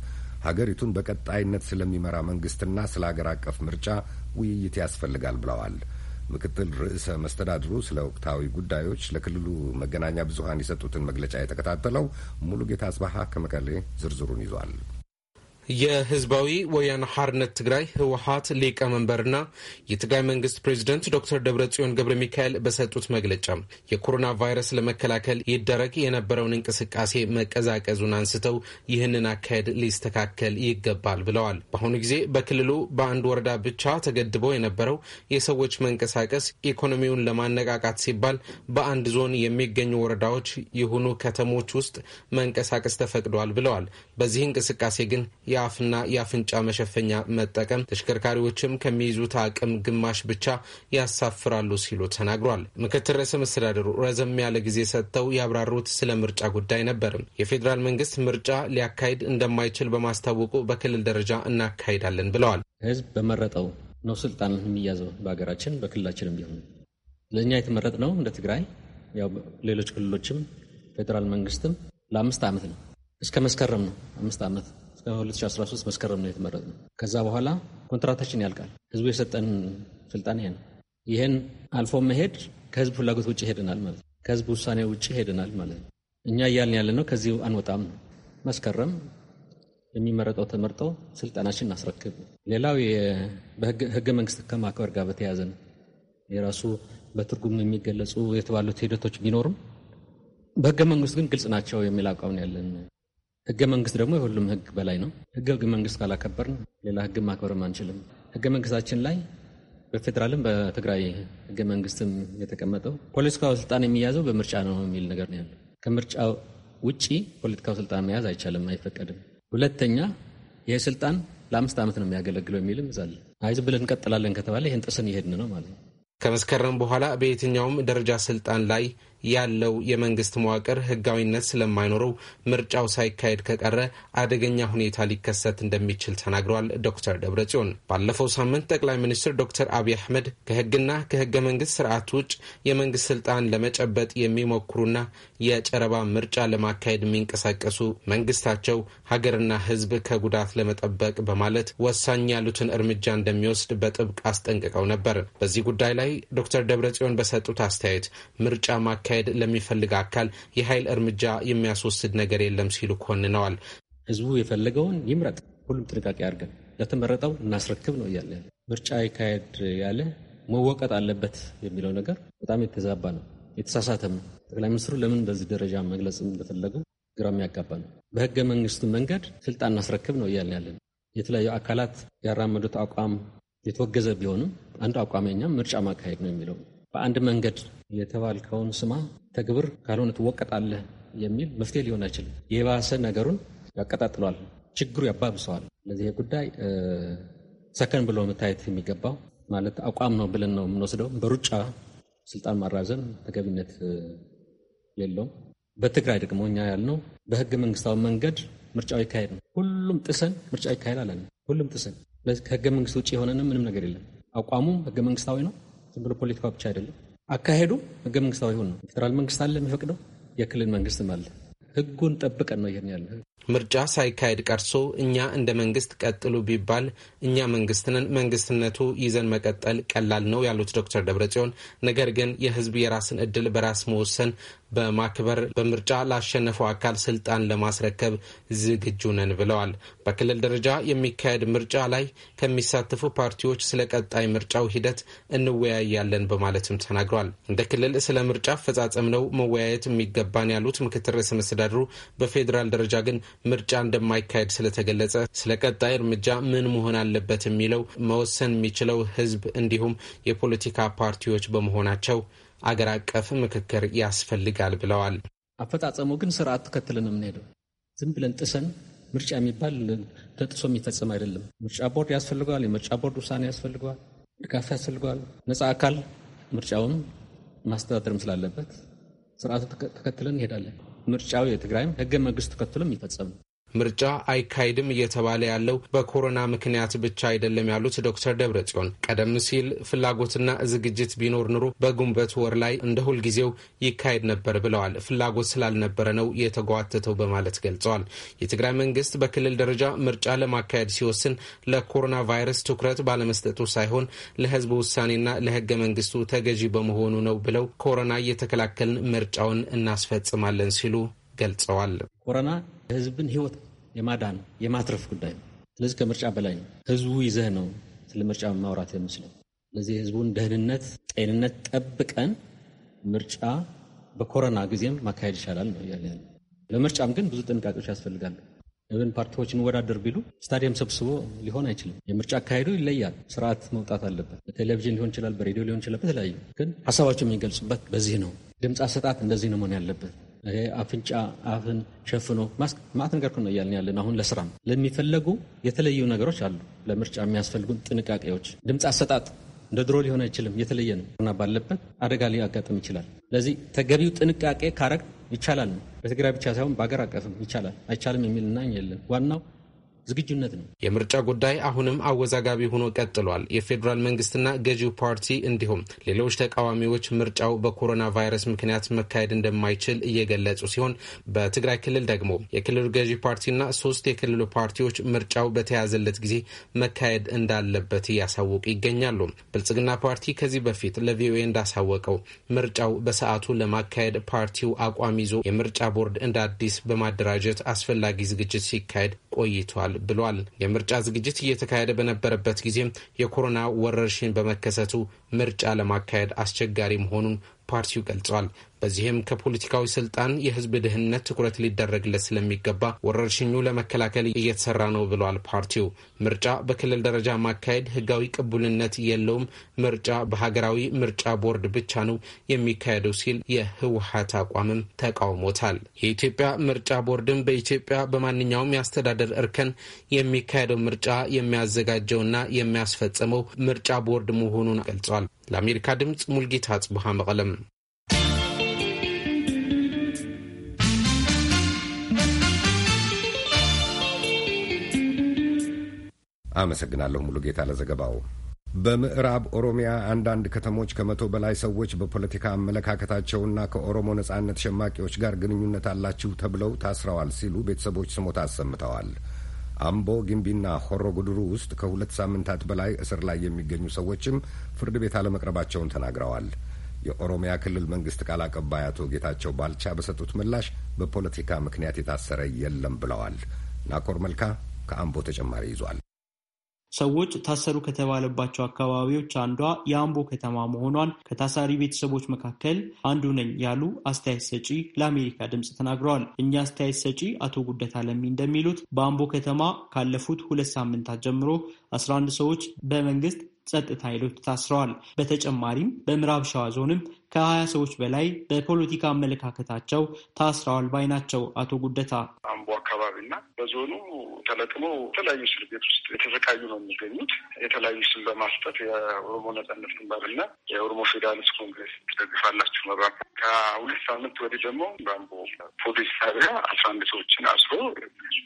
ሀገሪቱን በቀጣይነት ስለሚመራ መንግስትና ስለ ሀገር አቀፍ ምርጫ ውይይት ያስፈልጋል ብለዋል። ምክትል ርዕሰ መስተዳድሩ ስለ ወቅታዊ ጉዳዮች ለክልሉ መገናኛ ብዙኃን የሰጡትን መግለጫ የተከታተለው ሙሉጌታ አጽባሀ ከመቀሌ ዝርዝሩን ይዟል። የህዝባዊ ወያነ ሓርነት ትግራይ ህወሀት ሊቀመንበርና የትግራይ መንግስት ፕሬዚደንት ዶክተር ደብረጽዮን ገብረ ሚካኤል በሰጡት መግለጫ የኮሮና ቫይረስ ለመከላከል ይደረግ የነበረውን እንቅስቃሴ መቀዛቀዙን አንስተው ይህንን አካሄድ ሊስተካከል ይገባል ብለዋል። በአሁኑ ጊዜ በክልሉ በአንድ ወረዳ ብቻ ተገድበው የነበረው የሰዎች መንቀሳቀስ ኢኮኖሚውን ለማነቃቃት ሲባል በአንድ ዞን የሚገኙ ወረዳዎች የሆኑ ከተሞች ውስጥ መንቀሳቀስ ተፈቅደዋል ብለዋል። በዚህ እንቅስቃሴ ግን የአፍና የአፍንጫ መሸፈኛ መጠቀም ተሽከርካሪዎችም ከሚይዙት አቅም ግማሽ ብቻ ያሳፍራሉ ሲሉ ተናግሯል። ምክትል ርዕሰ መስተዳድሩ ረዘም ያለ ጊዜ ሰጥተው ያብራሩት ስለ ምርጫ ጉዳይ ነበርም። የፌዴራል መንግስት ምርጫ ሊያካሂድ እንደማይችል በማስታወቁ በክልል ደረጃ እናካሄዳለን ብለዋል። ህዝብ በመረጠው ነው ስልጣን የሚያዘው በሀገራችን በክልላችንም ቢሆን ለእኛ የተመረጥ ነው እንደ ትግራይ ያው ሌሎች ክልሎችም ፌዴራል መንግስትም ለአምስት ዓመት ነው። እስከ መስከረም ነው አምስት ዓመት እስከ 2013 መስከረም ነው የተመረጥነው። ከዛ በኋላ ኮንትራታችን ያልቃል። ህዝቡ የሰጠን ስልጣን ይሄ ነው። ይህን አልፎ መሄድ ከህዝብ ፍላጎት ውጭ ሄደናል ማለት ነው። ከህዝብ ውሳኔ ውጭ ሄደናል ማለት ነው። እኛ እያልን ያለ ነው ከዚህ አንወጣም ነው። መስከረም የሚመረጠው ተመርጦ ስልጠናችን እናስረክብ። ሌላው በህገ መንግስት ከማክበር ጋር በተያያዘ ነው። የራሱ በትርጉም የሚገለጹ የተባሉት ሂደቶች ቢኖርም በህገ መንግስት ግን ግልጽ ናቸው የሚል አቋም ያለን። ህገ መንግስት ደግሞ የሁሉም ህግ በላይ ነው። ህገ ህገ መንግስት ካላከበርን ሌላ ህግ ማክበርም አንችልም። ህገ መንግስታችን ላይ በፌዴራልም በትግራይ ህገ መንግስትም የተቀመጠው ፖለቲካው ስልጣን የሚያዘው በምርጫ ነው የሚል ነገር ነው ያለው። ከምርጫው ውጪ ፖለቲካው ስልጣን መያዝ አይቻልም፣ አይፈቀድም። ሁለተኛ ይህ ስልጣን ለአምስት ዓመት ነው የሚያገለግለው የሚልም ዛለ አይዝ ብለን እንቀጥላለን ከተባለ ይህን ጥስን ይሄድን ነው ማለት ነው። ከመስከረም በኋላ በየትኛውም ደረጃ ስልጣን ላይ ያለው የመንግስት መዋቅር ህጋዊነት ስለማይኖረው ምርጫው ሳይካሄድ ከቀረ አደገኛ ሁኔታ ሊከሰት እንደሚችል ተናግረዋል። ዶክተር ደብረጽዮን ባለፈው ሳምንት ጠቅላይ ሚኒስትር ዶክተር አብይ አህመድ ከህግና ከህገ መንግስት ስርዓት ውጭ የመንግስት ስልጣን ለመጨበጥ የሚሞክሩና የጨረባ ምርጫ ለማካሄድ የሚንቀሳቀሱ መንግስታቸው ሀገርና ህዝብ ከጉዳት ለመጠበቅ በማለት ወሳኝ ያሉትን እርምጃ እንደሚወስድ በጥብቅ አስጠንቅቀው ነበር። በዚህ ጉዳይ ላይ ዶክተር ደብረጽዮን በሰጡት አስተያየት ምርጫ ለማካሄድ ለሚፈልግ አካል የኃይል እርምጃ የሚያስወስድ ነገር የለም ሲሉ ኮንነዋል። ህዝቡ የፈለገውን ይምረጥ፣ ሁሉም ጥንቃቄ አድርገን ለተመረጠው እናስረክብ ነው እያለ ምርጫ ይካሄድ ያለ መወቀጥ አለበት የሚለው ነገር በጣም የተዛባ ነው፣ የተሳሳተም ነው። ጠቅላይ ሚኒስትሩ ለምን በዚህ ደረጃ መግለጽ እንደፈለጉ ግራ የሚያጋባ ነው። በህገ መንግስቱ መንገድ ስልጣን እናስረክብ ነው እያለ ያለን የተለያዩ አካላት ያራመዱት አቋም የተወገዘ ቢሆንም አንዱ አቋም የኛም ምርጫ ማካሄድ ነው የሚለው በአንድ መንገድ የተባልከውን ስማ ተግብር፣ ካልሆነ ትወቀጣለህ የሚል መፍትሄ ሊሆን አይችልም። የባሰ ነገሩን ያቀጣጥሏል፣ ችግሩ ያባብሰዋል። ለዚህ ጉዳይ ሰከን ብሎ መታየት የሚገባው ማለት አቋም ነው ብለን ነው የምንወስደው። በሩጫ ስልጣን ማራዘም ተገቢነት የለውም። በትግራይ ደግሞ እኛ ያልነው በህገ መንግስታዊ መንገድ ምርጫው ይካሄድ ነው። ሁሉም ጥሰን ምርጫ ይካሄድ አለን። ሁሉም ጥሰን ከህገ መንግስት ውጭ የሆነንም ምንም ነገር የለም። አቋሙም ህገ መንግስታዊ ነው። ዝም ብሎ ፖለቲካ ብቻ አይደለም። አካሄዱ ህገ መንግስታዊ ይሁን ነው። ፌዴራል መንግስት አለ የሚፈቅደው፣ የክልል መንግስትም አለ። ህጉን ጠብቀን ነው ይሄን ያለ ምርጫ ሳይካሄድ ቀርሶ እኛ እንደ መንግስት ቀጥሉ ቢባል እኛ መንግስትንን መንግስትነቱ ይዘን መቀጠል ቀላል ነው ያሉት ዶክተር ደብረጽዮን ነገር ግን የህዝብ የራስን እድል በራስ መወሰን በማክበር በምርጫ ላሸነፈው አካል ስልጣን ለማስረከብ ዝግጁ ነን ብለዋል። በክልል ደረጃ የሚካሄድ ምርጫ ላይ ከሚሳተፉ ፓርቲዎች ስለ ቀጣይ ምርጫው ሂደት እንወያያለን በማለትም ተናግሯል። እንደ ክልል ስለ ምርጫ አፈጻጸም ነው መወያየት የሚገባን ያሉት ምክትል ርዕሰ መስተዳድሩ በፌዴራል ደረጃ ግን ምርጫ እንደማይካሄድ ስለተገለጸ ስለ ቀጣይ እርምጃ ምን መሆን አለበት የሚለው መወሰን የሚችለው ህዝብ እንዲሁም የፖለቲካ ፓርቲዎች በመሆናቸው አገር አቀፍ ምክክር ያስፈልጋል ብለዋል። አፈጻጸሙ ግን ስርዓት ተከትለን ነው የምንሄደው። ዝም ብለን ጥሰን ምርጫ የሚባል ተጥሶ የሚፈጸም አይደለም። ምርጫ ቦርድ ያስፈልገዋል። የምርጫ ቦርድ ውሳኔ ያስፈልገዋል። ድጋፍ ያስፈልገዋል። ነፃ አካል ምርጫውን ማስተዳደርም ስላለበት ስርዓቱ ተከትለን እንሄዳለን። ምርጫው የትግራይም ህገ መንግስት ተከትሎ የሚፈጸም ነው። ምርጫ አይካሄድም እየተባለ ያለው በኮሮና ምክንያት ብቻ አይደለም ያሉት ዶክተር ደብረ ጽዮን ቀደም ሲል ፍላጎትና ዝግጅት ቢኖር ኑሮ በጉንበት ወር ላይ እንደ ሁልጊዜው ይካሄድ ነበር ብለዋል። ፍላጎት ስላልነበረ ነው የተጓተተው በማለት ገልጸዋል። የትግራይ መንግስት በክልል ደረጃ ምርጫ ለማካሄድ ሲወስን ለኮሮና ቫይረስ ትኩረት ባለመስጠቱ ሳይሆን ለህዝብ ውሳኔና ለህገ መንግስቱ ተገዢ በመሆኑ ነው ብለው ኮሮና እየተከላከልን ምርጫውን እናስፈጽማለን ሲሉ ገልጸዋል። ኮሮና ህዝብን ህይወት የማዳን የማትረፍ ጉዳይ ነው። ስለዚህ ከምርጫ በላይ ነው። ህዝቡ ይዘህ ነው ስለ ምርጫ ማውራት የምስለው። ስለዚህ ህዝቡን ደህንነት፣ ጤንነት ጠብቀን ምርጫ በኮረና ጊዜም ማካሄድ ይቻላል ነው ያለ። ለምርጫም ግን ብዙ ጥንቃቄዎች ያስፈልጋሉ። ብን ፓርቲዎች እንወዳደር ቢሉ ስታዲየም ሰብስቦ ሊሆን አይችልም። የምርጫ አካሄዱ ይለያል። ስርዓት መውጣት አለበት። በቴሌቪዥን ሊሆን ይችላል፣ በሬዲዮ ሊሆን ይችላል፣ በተለያዩ ግን ሀሳባቸው የሚገልጹበት በዚህ ነው። ድምፅ አሰጣት እንደዚህ ነው መሆን ያለበት አፍንጫ አፍን ሸፍኖ ማት ነገርኩ ነው እያልን ያለን። አሁን ለስራም ለሚፈለጉ የተለዩ ነገሮች አሉ። ለምርጫ የሚያስፈልጉን ጥንቃቄዎች፣ ድምፅ አሰጣጥ እንደ ድሮ ሊሆን አይችልም። የተለየ ነው እና ባለበት አደጋ ሊያጋጥም ይችላል። ስለዚህ ተገቢው ጥንቃቄ ካረግ ይቻላል ነው። በትግራይ ብቻ ሳይሆን በአገር አቀፍም ይቻላል። አይቻልም የሚል የለን ዋናው ዝግጁነት ነው። የምርጫ ጉዳይ አሁንም አወዛጋቢ ሆኖ ቀጥሏል። የፌዴራል መንግስትና ገዢው ፓርቲ እንዲሁም ሌሎች ተቃዋሚዎች ምርጫው በኮሮና ቫይረስ ምክንያት መካሄድ እንደማይችል እየገለጹ ሲሆን በትግራይ ክልል ደግሞ የክልሉ ገዢ ፓርቲና ሶስት የክልሉ ፓርቲዎች ምርጫው በተያዘለት ጊዜ መካሄድ እንዳለበት እያሳወቁ ይገኛሉ። ብልጽግና ፓርቲ ከዚህ በፊት ለቪኦኤ እንዳሳወቀው ምርጫው በሰዓቱ ለማካሄድ ፓርቲው አቋም ይዞ የምርጫ ቦርድ እንደ አዲስ በማደራጀት አስፈላጊ ዝግጅት ሲካሄድ ቆይቷል ብሏል። የምርጫ ዝግጅት እየተካሄደ በነበረበት ጊዜም የኮሮና ወረርሽኝ በመከሰቱ ምርጫ ለማካሄድ አስቸጋሪ መሆኑን ፓርቲው ገልጿል። በዚህም ከፖለቲካዊ ስልጣን የህዝብ ድህነት ትኩረት ሊደረግለት ስለሚገባ ወረርሽኙ ለመከላከል እየተሰራ ነው ብሏል። ፓርቲው ምርጫ በክልል ደረጃ ማካሄድ ህጋዊ ቅቡልነት የለውም፣ ምርጫ በሀገራዊ ምርጫ ቦርድ ብቻ ነው የሚካሄደው ሲል የህወሀት አቋምም ተቃውሞታል። የኢትዮጵያ ምርጫ ቦርድም በኢትዮጵያ በማንኛውም የአስተዳደር እርከን የሚካሄደው ምርጫ የሚያዘጋጀውና የሚያስፈጽመው ምርጫ ቦርድ መሆኑን ገልጿል። ለአሜሪካ ድምፅ ሙልጌታ ጽቡሃ መቀለም አመሰግናለሁ ሙሉ ጌታ ለዘገባው። በምዕራብ ኦሮሚያ አንዳንድ ከተሞች ከመቶ በላይ ሰዎች በፖለቲካ አመለካከታቸውና ከኦሮሞ ነጻነት ሸማቂዎች ጋር ግንኙነት አላችሁ ተብለው ታስረዋል ሲሉ ቤተሰቦች ስሞታ አሰምተዋል። አምቦ፣ ግንቢና ሆሮ ጉድሩ ውስጥ ከሁለት ሳምንታት በላይ እስር ላይ የሚገኙ ሰዎችም ፍርድ ቤት አለመቅረባቸውን ተናግረዋል። የኦሮሚያ ክልል መንግስት ቃል አቀባይ አቶ ጌታቸው ባልቻ በሰጡት ምላሽ በፖለቲካ ምክንያት የታሰረ የለም ብለዋል። ናኮር መልካ ከአምቦ ተጨማሪ ይዟል። ሰዎች ታሰሩ ከተባለባቸው አካባቢዎች አንዷ የአምቦ ከተማ መሆኗን ከታሳሪ ቤተሰቦች መካከል አንዱ ነኝ ያሉ አስተያየት ሰጪ ለአሜሪካ ድምፅ ተናግረዋል። እኛ አስተያየት ሰጪ አቶ ጉደታ አለሚ እንደሚሉት በአምቦ ከተማ ካለፉት ሁለት ሳምንታት ጀምሮ 11 ሰዎች በመንግስት ጸጥታ ኃይሎች ታስረዋል። በተጨማሪም በምዕራብ ሸዋ ዞንም ከ20 ሰዎች በላይ በፖለቲካ አመለካከታቸው ታስረዋል ባይ ናቸው። አቶ ጉደታ አምቦ አካባቢና በዞኑ ተለቅመው የተለያዩ እስር ቤት ውስጥ የተሰቃዩ ነው የሚገኙት። የተለያዩ ስም በማስጠት የኦሮሞ ነጻነት ግንባርና የኦሮሞ ፌዴራሊስት ኮንግሬስ ትደግፋላችሁ መባል ከሁለት ሳምንት ወዲህ ደግሞ በአምቦ ፖሊስ ሳቢያ አስራ አንድ ሰዎችን አስሮ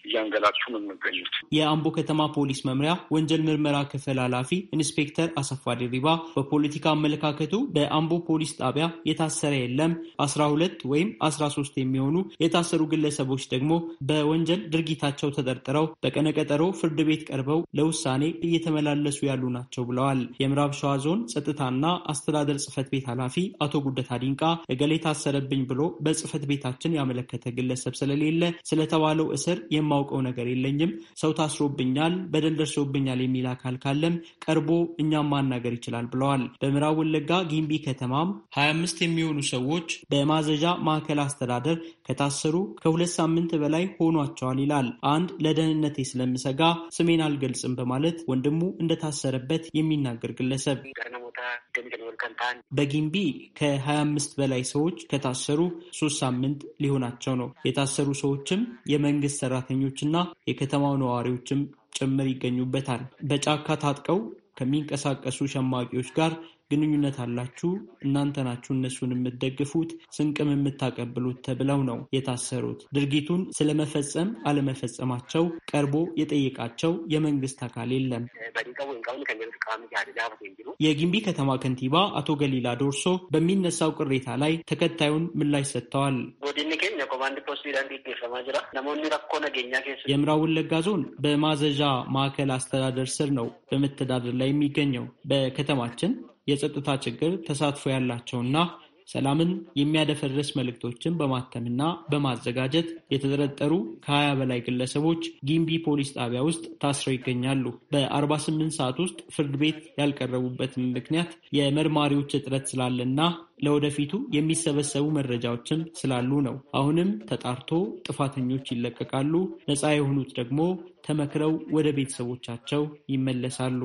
እያንገላቱ ነው የሚገኙት። የአምቦ ከተማ ፖሊስ መምሪያ ወንጀል ምርመራ ክፍል ኃላፊ ኢንስፔክተር አሰፋ ድሪባ በፖለቲካ አመለካከቱ በአምቦ ፖሊስ ጣቢያ የታሰረ የለም። አስራ ሁለት ወይም አስራ ሶስት የሚሆኑ የታሰሩ ግለሰቦች ደግሞ በወንጀል ድርጊታቸው ተጠርጥረው በቀነቀጠሮ ፍርድ ቤት ቀርበው ለውሳኔ እየተመላለሱ ያሉ ናቸው ብለዋል። የምዕራብ ሸዋ ዞን ጸጥታና አስተዳደር ጽህፈት ቤት ኃላፊ አቶ ጉደታ ዲንቃ እገሌ ታሰረብኝ ብሎ በጽህፈት ቤታችን ያመለከተ ግለሰብ ስለሌለ ስለተባለው እስር የማውቀው ነገር የለኝም። ሰው ታስሮብኛል፣ በደል ደርሶብኛል የሚል አካል ካለም ቀርቦ እኛም ማናገር ይችላል ብለዋል። በምዕራብ ወለጋ ጊምቢ ከተማም 25 የሚሆኑ ሰዎች በማዘዣ ማዕከል አስተዳደር ከታሰሩ ከሁለት ሳምንት በላይ ሆኗቸዋል ይላል። አንድ ለደህንነቴ ስለምሰጋ ስሜን አልገልጽም በማለት ወንድሙ እንደታሰረበት የሚናገር ግለሰብ በጊምቢ ከ25 በላይ ሰዎች ከታሰሩ ሶስት ሳምንት ሊሆናቸው ነው። የታሰሩ ሰዎችም የመንግስት ሰራተኞችና የከተማው ነዋሪዎችም ጭምር ይገኙበታል። በጫካ ታጥቀው ከሚንቀሳቀሱ ሸማቂዎች ጋር ግንኙነት አላችሁ፣ እናንተ ናችሁ እነሱን የምትደግፉት፣ ስንቅም የምታቀብሉት ተብለው ነው የታሰሩት። ድርጊቱን ስለመፈጸም አለመፈጸማቸው ቀርቦ የጠየቃቸው የመንግስት አካል የለም። የጊምቢ ከተማ ከንቲባ አቶ ገሊላ ዶርሶ በሚነሳው ቅሬታ ላይ ተከታዩን ምላሽ ሰጥተዋል። የምዕራብ ወለጋ ዞን በማዘዣ ማዕከል አስተዳደር ስር ነው በመተዳደር ላይ የሚገኘው። በከተማችን የጸጥታ ችግር ተሳትፎ ያላቸውና ሰላምን የሚያደፈርስ መልእክቶችን በማተምና በማዘጋጀት የተጠረጠሩ ከሀያ በላይ ግለሰቦች ጊምቢ ፖሊስ ጣቢያ ውስጥ ታስረው ይገኛሉ። በ48 ሰዓት ውስጥ ፍርድ ቤት ያልቀረቡበትን ምክንያት የመርማሪዎች እጥረት ስላለና ለወደፊቱ የሚሰበሰቡ መረጃዎችም ስላሉ ነው። አሁንም ተጣርቶ ጥፋተኞች ይለቀቃሉ፣ ነፃ የሆኑት ደግሞ ተመክረው ወደ ቤተሰቦቻቸው ይመለሳሉ።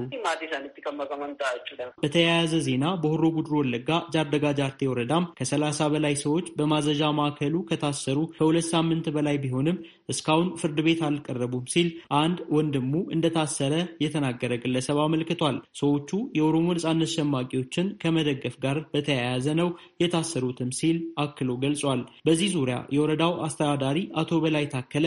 በተያያዘ ዜና በሆሮ ጉድሮ ወለጋ ጃርደጋ ጃርቴ ወረዳም ከሰላሳ በላይ ሰዎች በማዘዣ ማዕከሉ ከታሰሩ ከሁለት ሳምንት በላይ ቢሆንም እስካሁን ፍርድ ቤት አልቀረቡም ሲል አንድ ወንድሙ እንደታሰረ የተናገረ ግለሰብ አመልክቷል። ሰዎቹ የኦሮሞ ነጻነት ሸማቂዎችን ከመደገፍ ጋር በተያያዘ ነው የታሰሩትም ሲል አክሎ ገልጿል። በዚህ ዙሪያ የወረዳው አስተዳዳሪ አቶ በላይ ታከለ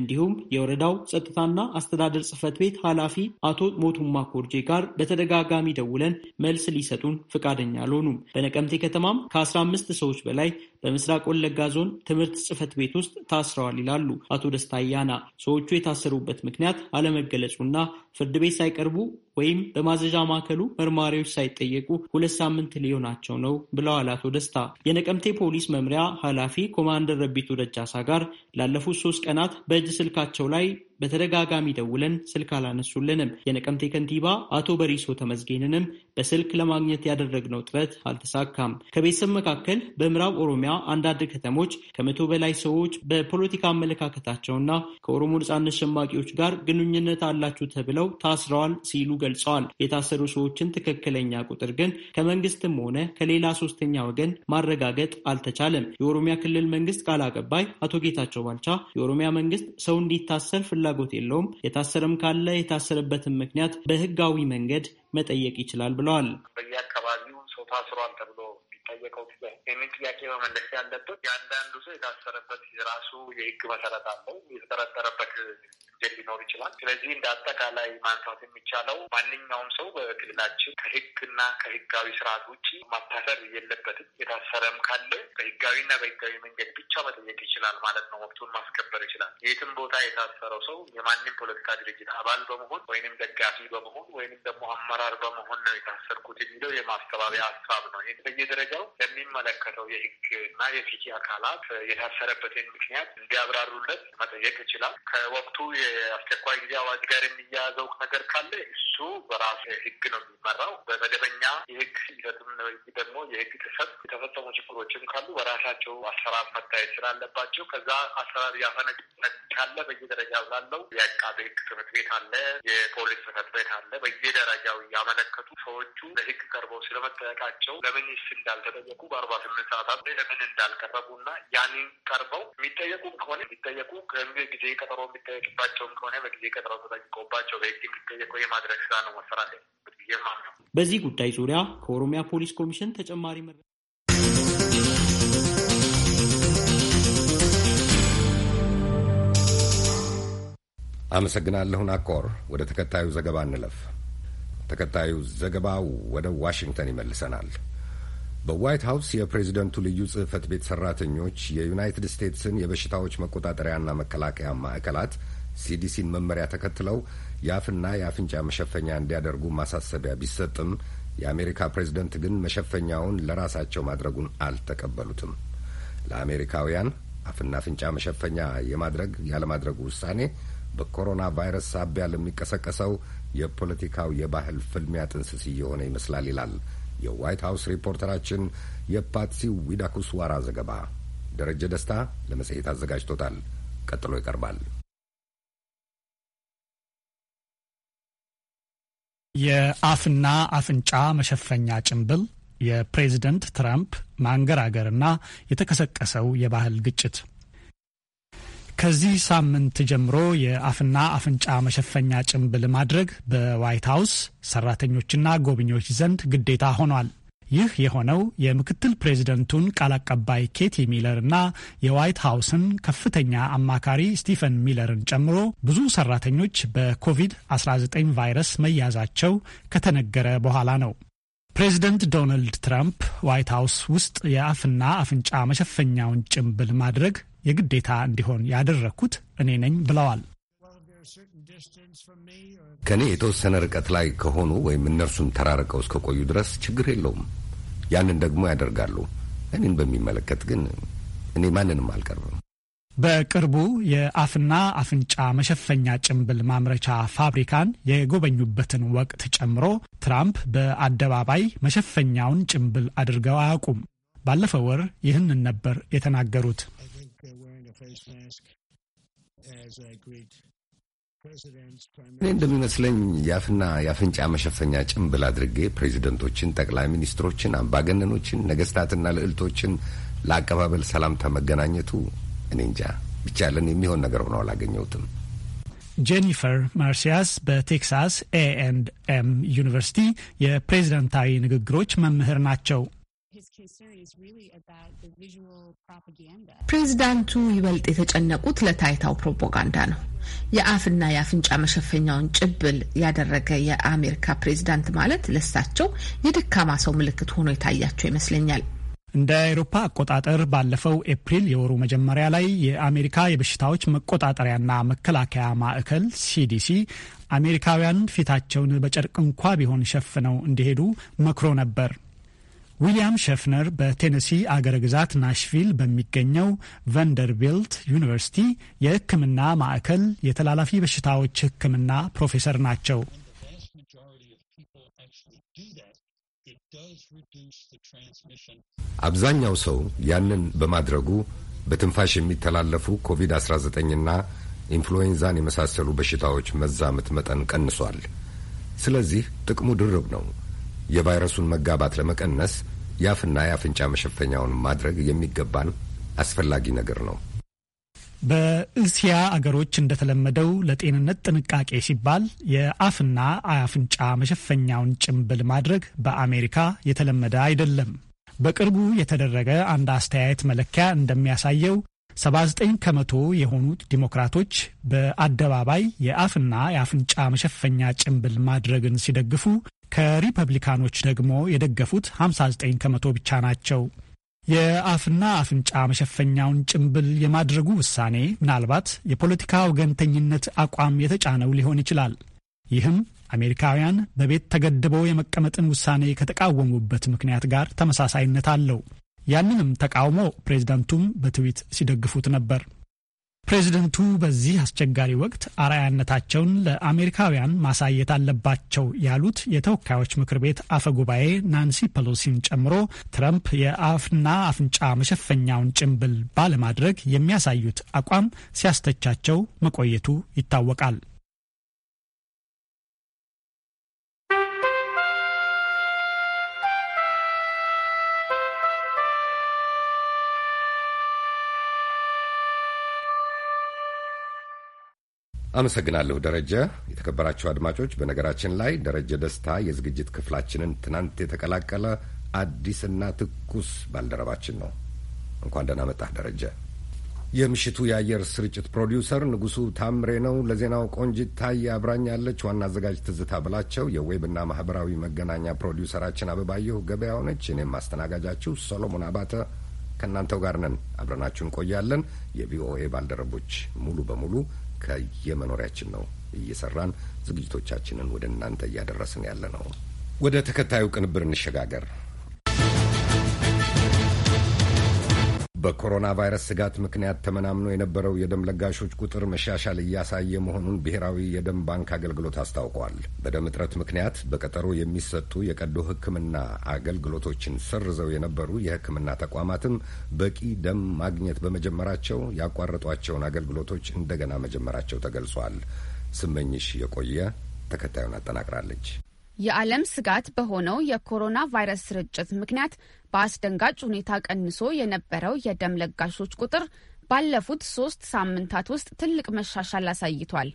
እንዲሁም የወረዳው ጸጥታና አስተዳደር ጽህፈት ቤት ኃላፊ አቶ ሞቱማ ኮርጄ ጋር በተደጋጋሚ ደውለን መልስ ሊሰጡን ፈቃደኛ አልሆኑም። በነቀምቴ ከተማም ከ15 ሰዎች በላይ በምስራቅ ወለጋ ዞን ትምህርት ጽህፈት ቤት ውስጥ ታስረዋል ይላሉ አቶ ደስታ አያና። ሰዎቹ የታሰሩበት ምክንያት አለመገለጹና ፍርድ ቤት ሳይቀርቡ ወይም በማዘዣ ማዕከሉ መርማሪዎች ሳይጠየቁ ሁለት ሳምንት ሊሆናቸው ነው ብለዋል አቶ ደስታ። የነቀምቴ ፖሊስ መምሪያ ኃላፊ ኮማንደር ረቢቱ ደጃሳ ጋር ላለፉት ሶስት ቀናት በ በእጅ ስልካቸው ላይ በተደጋጋሚ ደውለን ስልክ አላነሱልንም። የነቀምቴ ከንቲባ አቶ በሪሶ ተመዝጌንንም በስልክ ለማግኘት ያደረግነው ጥረት አልተሳካም። ከቤተሰብ መካከል በምዕራብ ኦሮሚያ አንዳንድ ከተሞች ከመቶ በላይ ሰዎች በፖለቲካ አመለካከታቸውና ከኦሮሞ ነጻነት ሸማቂዎች ጋር ግንኙነት አላችሁ ተብለው ታስረዋል ሲሉ ገልጸዋል። የታሰሩ ሰዎችን ትክክለኛ ቁጥር ግን ከመንግስትም ሆነ ከሌላ ሶስተኛ ወገን ማረጋገጥ አልተቻለም። የኦሮሚያ ክልል መንግስት ቃል አቀባይ አቶ ጌታቸው ባልቻ የኦሮሚያ መንግስት ሰው እንዲታሰር ፍላ ፍላጎት የለውም። የታሰረም ካለ የታሰረበትን ምክንያት በህጋዊ መንገድ መጠየቅ ይችላል ብለዋል። በየአካባቢው ሰው ታስሯል የተጠየቀው ጥያቄ ይህንን ጥያቄ መመለስ ያለበት የአንዳንዱ ሰው የታሰረበት የራሱ የህግ መሰረት አለው። የተጠረጠረበት ወንጀል ሊኖር ይችላል። ስለዚህ እንደ አጠቃላይ ማንሳት የሚቻለው ማንኛውም ሰው በክልላችን ከህግና ከህጋዊ ስርዓት ውጭ ማታሰር የለበትም። የታሰረም ካለ በህጋዊና በህጋዊ መንገድ ብቻ መጠየቅ ይችላል ማለት ነው። ወቅቱን ማስከበር ይችላል። የትም ቦታ የታሰረው ሰው የማንም ፖለቲካ ድርጅት አባል በመሆን ወይንም ደጋፊ በመሆን ወይንም ደግሞ አመራር በመሆን ነው የታሰርኩት የሚለው የማስተባበያ ሀሳብ ነው። ይህ በየደረጃው ለሚመለከተው የህግ እና የፊቲ አካላት የታሰረበትን ምክንያት እንዲያብራሩለት መጠየቅ ይችላል። ከወቅቱ የአስቸኳይ ጊዜ አዋጅ ጋር የሚያያዘው ነገር ካለ እሱ በራሱ ህግ ነው የሚመራው። በመደበኛ የህግ ሂደትም ደግሞ የህግ ጥሰት የተፈጸሙ ችግሮችም ካሉ በራሳቸው አሰራር መታየት ስላለባቸው ከዛ አሰራር ያፈነቅ ካለ ላለው የአቃቤ ህግ ትምህርት ቤት አለ፣ የፖሊስ ትምህርት ቤት አለ። በየደረጃው ያመለከቱ ሰዎቹ ለህግ ቀርበው ስለመጠየቃቸው ለምንስ እንዳልተጠ ሲጠየቁ በአርባ ስምንት ሰዓታት ለምን እንዳልቀረቡ እና ያንን ቀርበው የሚጠየቁም ከሆነ የሚጠየቁ ጊዜ ቀጠሮ የሚጠየቅባቸውም ከሆነ በጊዜ ቀጠሮ ተጠይቆባቸው በህግ የሚጠየቀው የማድረግ ስራ ነው መሰራት ያለበት ብዬ ማምነው። በዚህ ጉዳይ ዙሪያ ከኦሮሚያ ፖሊስ ኮሚሽን ተጨማሪ መረ አመሰግናለሁን አኮር። ወደ ተከታዩ ዘገባ እንለፍ። ተከታዩ ዘገባ ወደ ዋሽንግተን ይመልሰናል። በዋይት ሀውስ የፕሬዝደንቱ ልዩ ጽህፈት ቤት ሰራተኞች የዩናይትድ ስቴትስን የበሽታዎች መቆጣጠሪያና መከላከያ ማዕከላት ሲዲሲን መመሪያ ተከትለው የአፍና የአፍንጫ መሸፈኛ እንዲያደርጉ ማሳሰቢያ ቢሰጥም የአሜሪካ ፕሬዝደንት ግን መሸፈኛውን ለራሳቸው ማድረጉን አልተቀበሉትም። ለአሜሪካውያን አፍና አፍንጫ መሸፈኛ የማድረግ ያለማድረጉ ውሳኔ በኮሮና ቫይረስ ሳቢያ ለሚቀሰቀሰው የፖለቲካው የባህል ፍልሚያ ጥንስስ እየሆነ ይመስላል ይላል የዋይት ሀውስ ሪፖርተራችን የፓትሲ ዊዳኩስዋራ ዘገባ ደረጀ ደስታ ለመጽሔት አዘጋጅቶታል። ቀጥሎ ይቀርባል። የአፍና አፍንጫ መሸፈኛ ጭንብል፣ የፕሬዝደንት ትራምፕ ማንገራገርና የተቀሰቀሰው የባህል ግጭት ከዚህ ሳምንት ጀምሮ የአፍና አፍንጫ መሸፈኛ ጭንብል ማድረግ በዋይት ሀውስ ሰራተኞችና ጎብኚዎች ዘንድ ግዴታ ሆኗል። ይህ የሆነው የምክትል ፕሬዚደንቱን ቃል አቀባይ ኬቲ ሚለርና የዋይት ሀውስን ከፍተኛ አማካሪ ስቲፈን ሚለርን ጨምሮ ብዙ ሰራተኞች በኮቪድ-19 ቫይረስ መያዛቸው ከተነገረ በኋላ ነው። ፕሬዚደንት ዶናልድ ትራምፕ ዋይት ሀውስ ውስጥ የአፍና አፍንጫ መሸፈኛውን ጭንብል ማድረግ የግዴታ እንዲሆን ያደረግኩት እኔ ነኝ ብለዋል። ከእኔ የተወሰነ ርቀት ላይ ከሆኑ ወይም እነርሱም ተራርቀው እስከቆዩ ድረስ ችግር የለውም። ያንን ደግሞ ያደርጋሉ። እኔን በሚመለከት ግን እኔ ማንንም አልቀርብም። በቅርቡ የአፍና አፍንጫ መሸፈኛ ጭንብል ማምረቻ ፋብሪካን የጎበኙበትን ወቅት ጨምሮ ትራምፕ በአደባባይ መሸፈኛውን ጭንብል አድርገው አያውቁም። ባለፈው ወር ይህንን ነበር የተናገሩት። እኔ እንደሚመስለኝ የአፍና የአፍንጫ መሸፈኛ ጭንብል አድርጌ ፕሬዚደንቶችን፣ ጠቅላይ ሚኒስትሮችን፣ አምባገነኖችን፣ ነገስታትና ልዕልቶችን ለአቀባበል ሰላምታ መገናኘቱ እኔ እንጃ ብቻለን የሚሆን ነገር ሆኖ አላገኘሁትም። ጄኒፈር ማርሲያስ በቴክሳስ ኤ ኤንድ ኤም ዩኒቨርሲቲ የፕሬዝደንታዊ ንግግሮች መምህር ናቸው። ፕሬዚዳንቱ ይበልጥ የተጨነቁት ለታይታው ፕሮፓጋንዳ ነው። የአፍና የአፍንጫ መሸፈኛውን ጭብል ያደረገ የአሜሪካ ፕሬዚዳንት ማለት ለሳቸው የደካማ ሰው ምልክት ሆኖ የታያቸው ይመስለኛል። እንደ አውሮፓ አቆጣጠር ባለፈው ኤፕሪል የወሩ መጀመሪያ ላይ የአሜሪካ የበሽታዎች መቆጣጠሪያና መከላከያ ማዕከል ሲዲሲ አሜሪካውያን ፊታቸውን በጨርቅ እንኳ ቢሆን ሸፍነው እንዲሄዱ መክሮ ነበር። ዊሊያም ሸፍነር በቴነሲ አገረ ግዛት ናሽቪል በሚገኘው ቨንደርቢልት ዩኒቨርሲቲ የሕክምና ማዕከል የተላላፊ በሽታዎች ሕክምና ፕሮፌሰር ናቸው። አብዛኛው ሰው ያንን በማድረጉ በትንፋሽ የሚተላለፉ ኮቪድ-19ና ኢንፍሉዌንዛን የመሳሰሉ በሽታዎች መዛመት መጠን ቀንሷል። ስለዚህ ጥቅሙ ድርብ ነው። የቫይረሱን መጋባት ለመቀነስ የአፍና የአፍንጫ መሸፈኛውን ማድረግ የሚገባን አስፈላጊ ነገር ነው። በእስያ አገሮች እንደተለመደው ለጤንነት ጥንቃቄ ሲባል የአፍና አፍንጫ መሸፈኛውን ጭንብል ማድረግ በአሜሪካ የተለመደ አይደለም። በቅርቡ የተደረገ አንድ አስተያየት መለኪያ እንደሚያሳየው 79 ከመቶ የሆኑት ዲሞክራቶች በአደባባይ የአፍና የአፍንጫ መሸፈኛ ጭንብል ማድረግን ሲደግፉ ከሪፐብሊካኖች ደግሞ የደገፉት 59 ከመቶ ብቻ ናቸው። የአፍና አፍንጫ መሸፈኛውን ጭንብል የማድረጉ ውሳኔ ምናልባት የፖለቲካ ወገንተኝነት አቋም የተጫነው ሊሆን ይችላል። ይህም አሜሪካውያን በቤት ተገድበው የመቀመጥን ውሳኔ ከተቃወሙበት ምክንያት ጋር ተመሳሳይነት አለው። ያንንም ተቃውሞ ፕሬዝዳንቱም በትዊት ሲደግፉት ነበር። ፕሬዚደንቱ በዚህ አስቸጋሪ ወቅት አርአያነታቸውን ለአሜሪካውያን ማሳየት አለባቸው ያሉት የተወካዮች ምክር ቤት አፈ ጉባኤ ናንሲ ፐሎሲን ጨምሮ ትረምፕ የአፍና አፍንጫ መሸፈኛውን ጭንብል ባለማድረግ የሚያሳዩት አቋም ሲያስተቻቸው መቆየቱ ይታወቃል። አመሰግናለሁ ደረጀ። የተከበራችሁ አድማጮች፣ በነገራችን ላይ ደረጀ ደስታ የዝግጅት ክፍላችንን ትናንት የተቀላቀለ አዲስና ትኩስ ባልደረባችን ነው። እንኳን ደህና መጣህ ደረጀ። የምሽቱ የአየር ስርጭት ፕሮዲውሰር ንጉሱ ታምሬ ነው። ለዜናው ቆንጂት ታይ አብራኛለች። ዋና አዘጋጅ ትዝታ ብላቸው፣ የዌብና ማህበራዊ መገናኛ ፕሮዲውሰራችን አበባየሁ ገበያው ነች። እኔም አስተናጋጃችሁ ሰሎሞን አባተ ከእናንተው ጋር ነን። አብረናችሁ እንቆያለን። የቪኦኤ ባልደረቦች ሙሉ በሙሉ ከየመኖሪያችን ነው እየሰራን ዝግጅቶቻችንን ወደ እናንተ እያደረስን ያለ ነው። ወደ ተከታዩ ቅንብር እንሸጋገር። በኮሮና ቫይረስ ስጋት ምክንያት ተመናምኖ የነበረው የደም ለጋሾች ቁጥር መሻሻል እያሳየ መሆኑን ብሔራዊ የደም ባንክ አገልግሎት አስታውቋል። በደም እጥረት ምክንያት በቀጠሮ የሚሰጡ የቀዶ ሕክምና አገልግሎቶችን ሰርዘው የነበሩ የሕክምና ተቋማትም በቂ ደም ማግኘት በመጀመራቸው ያቋረጧቸውን አገልግሎቶች እንደገና መጀመራቸው ተገልጿል። ስመኝሽ የቆየ ተከታዩን አጠናቅራለች። የዓለም ስጋት በሆነው የኮሮና ቫይረስ ስርጭት ምክንያት በአስደንጋጭ ሁኔታ ቀንሶ የነበረው የደም ለጋሾች ቁጥር ባለፉት ሶስት ሳምንታት ውስጥ ትልቅ መሻሻል አሳይቷል።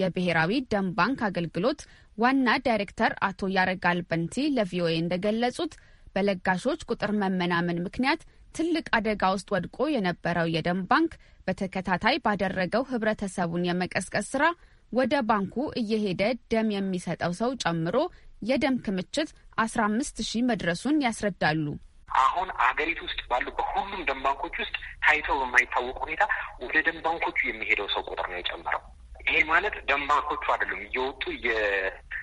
የብሔራዊ ደም ባንክ አገልግሎት ዋና ዳይሬክተር አቶ ያረጋል በንቲ ለቪኦኤ እንደገለጹት በለጋሾች ቁጥር መመናመን ምክንያት ትልቅ አደጋ ውስጥ ወድቆ የነበረው የደም ባንክ በተከታታይ ባደረገው ህብረተሰቡን የመቀስቀስ ስራ ወደ ባንኩ እየሄደ ደም የሚሰጠው ሰው ጨምሮ የደም ክምችት አስራ አምስት ሺህ መድረሱን ያስረዳሉ። አሁን አገሪቱ ውስጥ ባሉ በሁሉም ደም ባንኮች ውስጥ ታይተው በማይታወቅ ሁኔታ ወደ ደም ባንኮቹ የሚሄደው ሰው ቁጥር ነው የጨመረው። ይሄ ማለት ደም ባንኮቹ አይደሉም እየወጡ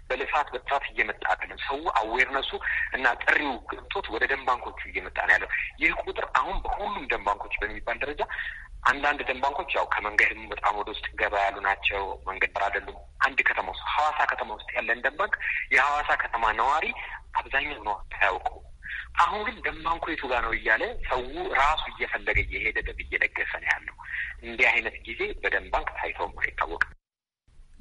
በልፋት በጥፋት እየመጣ አይደለም። ሰው አዌርነሱ እና ጥሪው ገብቶት ወደ ደም ባንኮቹ እየመጣ ነው ያለው። ይህ ቁጥር አሁን በሁሉም ደም ባንኮች በሚባል ደረጃ አንዳንድ ደን ባንኮች ያው ከመንገድም በጣም ወደ ውስጥ ገባ ያሉ ናቸው። መንገድ ዳር አይደሉም። አንድ ከተማ ውስጥ ሀዋሳ ከተማ ውስጥ ያለን ደን ባንክ የሀዋሳ ከተማ ነዋሪ አብዛኛው ነው አያውቁ። አሁን ግን ደን ባንኩ የቱ ጋር ነው እያለ ሰው ራሱ እየፈለገ እየሄደ ደብ እየለገሰ ነው ያለው። እንዲህ አይነት ጊዜ በደን ባንክ ታይቶም አይታወቅም።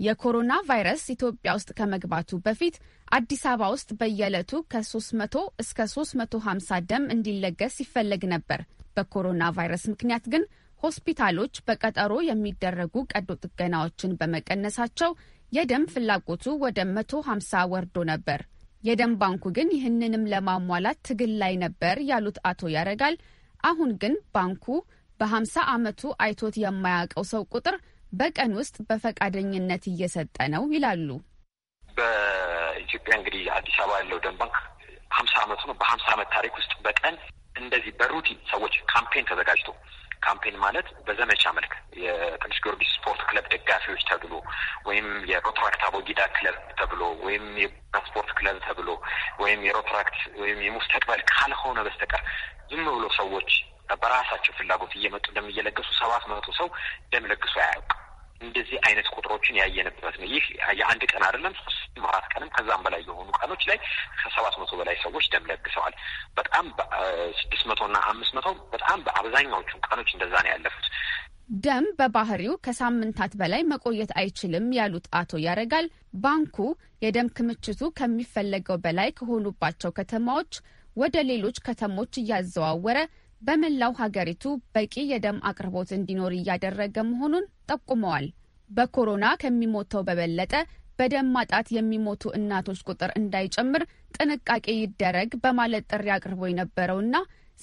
የኮሮና ቫይረስ ኢትዮጵያ ውስጥ ከመግባቱ በፊት አዲስ አበባ ውስጥ በየዕለቱ ከ300 እስከ 350 ደም እንዲለገስ ይፈለግ ነበር። በኮሮና ቫይረስ ምክንያት ግን ሆስፒታሎች በቀጠሮ የሚደረጉ ቀዶ ጥገናዎችን በመቀነሳቸው የደም ፍላጎቱ ወደ 150 ወርዶ ነበር። የደም ባንኩ ግን ይህንንም ለማሟላት ትግል ላይ ነበር ያሉት አቶ ያረጋል፣ አሁን ግን ባንኩ በ50 ዓመቱ አይቶት የማያውቀው ሰው ቁጥር በቀን ውስጥ በፈቃደኝነት እየሰጠ ነው ይላሉ። በኢትዮጵያ እንግዲህ አዲስ አበባ ያለው ደም ባንክ ሀምሳ አመቱ ነው። በሀምሳ አመት ታሪክ ውስጥ በቀን እንደዚህ በሩቲን ሰዎች ካምፔን ተዘጋጅቶ ካምፔን ማለት በዘመቻ መልክ የቅዱስ ጊዮርጊስ ስፖርት ክለብ ደጋፊዎች ተብሎ ወይም የሮትራክት አቦጊዳ ክለብ ተብሎ ወይም የስፖርት ክለብ ተብሎ ወይም የሮትራክት ወይም የሙስተቅበል ካልሆነ በስተቀር ዝም ብሎ ሰዎች በራሳቸው ፍላጎት እየመጡ ደም እየለገሱ ሰባት መቶ ሰው ደም ለግሶ አያውቅ። እንደዚህ አይነት ቁጥሮችን ያየንበት ነው። ይህ የአንድ ቀን አይደለም፣ ሶስት አራት ቀንም ከዛም በላይ የሆኑ ቀኖች ላይ ከሰባት መቶ በላይ ሰዎች ደም ለግሰዋል። በጣም ስድስት መቶ እና አምስት መቶ በጣም በአብዛኛዎቹ ቀኖች እንደዛ ነው ያለፉት። ደም በባህሪው ከሳምንታት በላይ መቆየት አይችልም ያሉት አቶ ያረጋል ባንኩ የደም ክምችቱ ከሚፈለገው በላይ ከሆኑባቸው ከተማዎች ወደ ሌሎች ከተሞች እያዘዋወረ በመላው ሀገሪቱ በቂ የደም አቅርቦት እንዲኖር እያደረገ መሆኑን ጠቁመዋል። በኮሮና ከሚሞተው በበለጠ በደም ማጣት የሚሞቱ እናቶች ቁጥር እንዳይጨምር ጥንቃቄ ይደረግ በማለት ጥሪ አቅርቦ የነበረውና